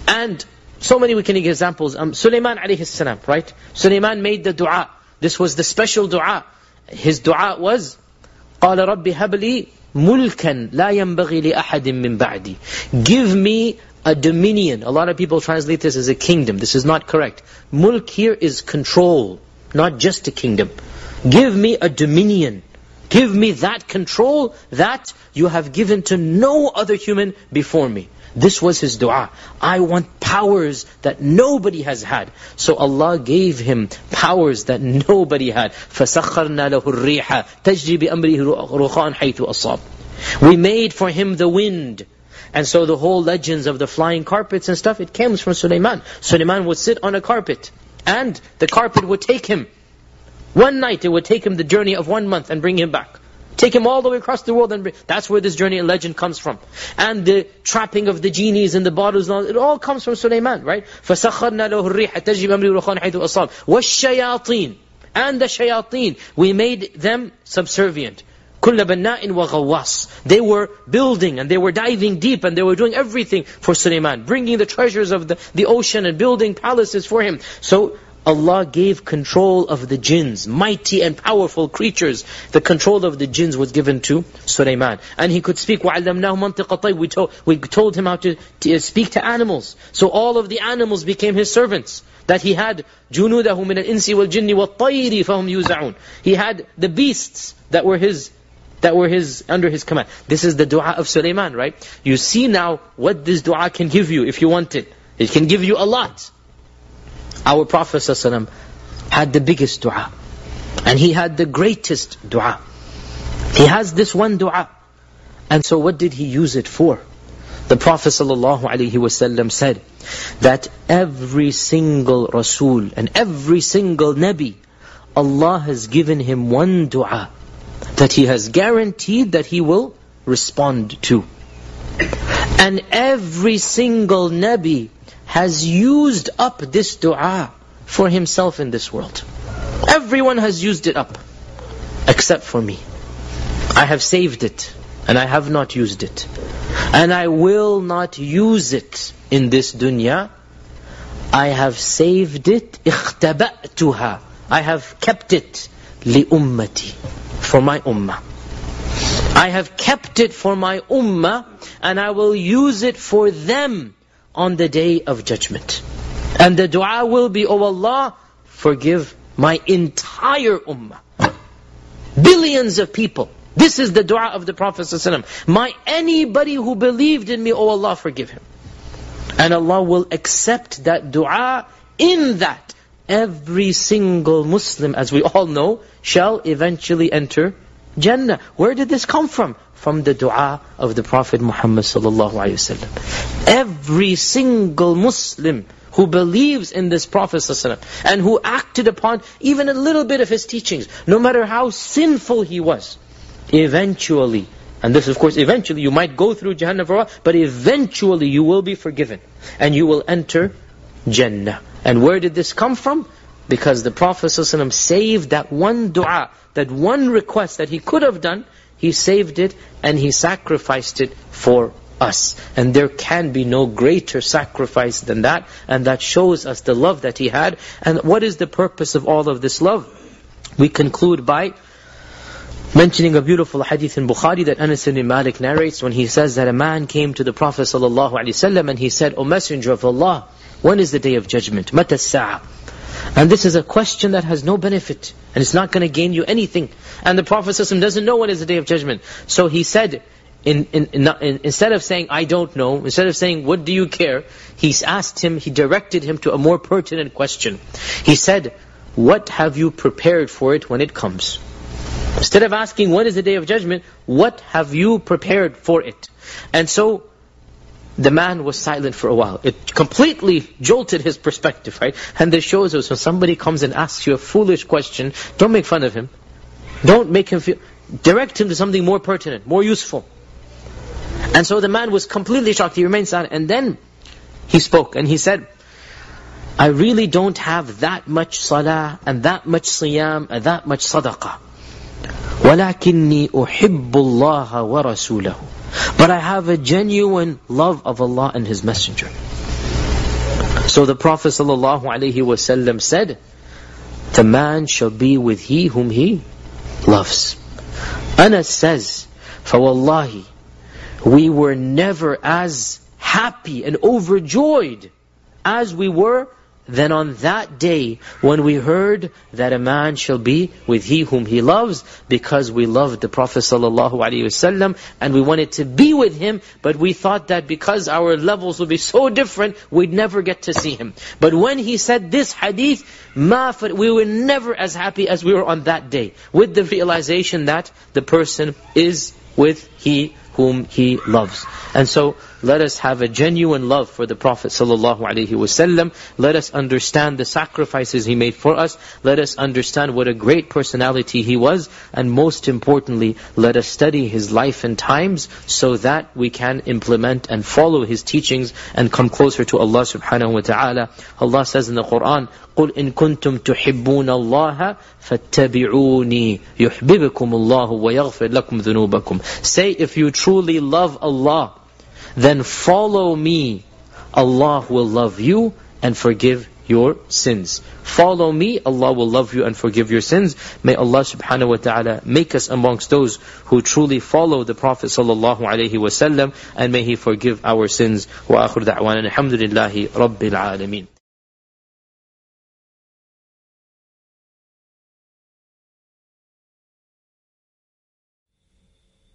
And so many we can give examples. Um, Sulaiman alayhi salam, right? Sulaiman made the dua. This was the special dua. His dua was, قَالَ رَبِّ هَبْ مُلْكًا لَا يَنْبَغِي لِأَحَدٍ مِّن بَعْدِي Give me a dominion. A lot of people translate this as a kingdom. This is not correct. Mulk here is control, not just a kingdom. Give me a dominion. Give me that control that you have given to no other human before me. This was his dua. I want powers that nobody has had. So Allah gave him powers that nobody had. فَسَخَّرْنَا لَهُ الرِّيحَ تَجْرِي بِأَمْرِهِ رُخَانْ حَيْثُ أَصَابٍ We made for him the wind and so the whole legends of the flying carpets and stuff, it comes from Suleiman. Suleiman would sit on a carpet, and the carpet would take him. One night, it would take him the journey of one month and bring him back. Take him all the way across the world and bring, that's where this journey and legend comes from. And the trapping of the genies and the bottles, and all, it all comes from Suleiman, right? فَسَخَّرْنَا لَهُ الرِّيحَ تَجْرِي بِأَمْرِ رُخَانْ حَيْثُ أَصَابَ وَالشَّيَاطِينَ And the shayateen, we made them subservient. كل بناء وغواص. They were building and they were diving deep and they were doing everything for Suleiman, bringing the treasures of the, the ocean and building palaces for him. So Allah gave control of the jinns, mighty and powerful creatures. The control of the jinns was given to Sulaiman. And he could speak. We told, we told him how to, to speak to animals. So all of the animals became his servants. That he had al-insi wal jinni wa وَالطَّيْرِ fahum yuz'aun. He had the beasts that were his that were his under his command. This is the dua of Sulaiman, right? You see now what this dua can give you if you want it. It can give you a lot. Our Prophet ﷺ had the biggest dua. And he had the greatest dua. He has this one dua. And so what did he use it for? The Prophet ﷺ said that every single Rasul and every single Nabi, Allah has given him one dua that he has guaranteed that he will respond to. And every single Nabi has used up this dua for himself in this world. Everyone has used it up, except for me. I have saved it, and I have not used it. And I will not use it in this dunya. I have saved it, اختبأتها. I have kept it, لأمتي for my ummah. I have kept it for my ummah and I will use it for them on the day of judgment. And the dua will be, O oh Allah, forgive my entire ummah. Billions of people. This is the dua of the Prophet ﷺ. My anybody who believed in me, O oh Allah, forgive him. And Allah will accept that dua in that every single Muslim, as we all know, shall eventually enter Jannah. Where did this come from? From the dua of the Prophet Muhammad sallallahu alaihi wasallam. Every single Muslim who believes in this Prophet ﷺ and who acted upon even a little bit of his teachings, no matter how sinful he was, eventually, and this of course eventually, you might go through Jahannam for a while, but eventually you will be forgiven and you will enter Jannah. And where did this come from? Because the Prophet ﷺ saved that one dua, that one request that he could have done, he saved it and he sacrificed it for us. And there can be no greater sacrifice than that. And that shows us the love that he had. And what is the purpose of all of this love? We conclude by mentioning a beautiful hadith in Bukhari that Anas ibn Malik narrates when he says that a man came to the Prophet ﷺ and he said, O Messenger of Allah, when is the day of judgment? Mata sa'a? And this is a question that has no benefit, and it's not going to gain you anything. And the Prophet doesn't know when is the day of judgment. So he said, in, in, in, instead of saying, I don't know, instead of saying, what do you care? He asked him, he directed him to a more pertinent question. He said, what have you prepared for it when it comes? Instead of asking, when is the day of judgment? What have you prepared for it? And so, the man was silent for a while. It completely jolted his perspective, right? And this shows us when somebody comes and asks you a foolish question, don't make fun of him. Don't make him feel... Direct him to something more pertinent, more useful. And so the man was completely shocked. He remained silent. And then he spoke and he said, I really don't have that much salah and that much siyam and that much sadaqah. وَلَكِنِّي أُحِبُّ اللَّهَ وَرَسُولَهُ but I have a genuine love of Allah and His Messenger. So the Prophet ﷺ said, The man shall be with he whom he loves. Anas says, فَوَاللَّهِ We were never as happy and overjoyed as we were then on that day, when we heard that a man shall be with he whom he loves, because we loved the Prophet sallallahu alaihi wasallam, and we wanted to be with him, but we thought that because our levels would be so different, we'd never get to see him. But when he said this hadith, we were never as happy as we were on that day, with the realization that the person is with he whom he loves. And so, let us have a genuine love for the Prophet ﷺ. Let us understand the sacrifices he made for us. Let us understand what a great personality he was. And most importantly, let us study his life and times so that we can implement and follow his teachings and come closer to Allah subhanahu wa ta'ala. Allah says in the Qur'an, قُلْ إِن كُنْتُمْ تُحِبُّونَ اللَّهَ فَاتَّبِعُونِي يُحْبِبُكُمُ اللَّهُ وَيَغْفِرْ لَكُمْ ذُنُوبَكُمْ Say, if you truly love Allah, then follow me. Allah will love you and forgive your sins. Follow me, Allah will love you and forgive your sins. May Allah subhanahu wa ta'ala make us amongst those who truly follow the Prophet sallallahu alaihi wasallam and may He forgive our sins. Wa akhir da'wana alhamdulillahi rabbil alameen.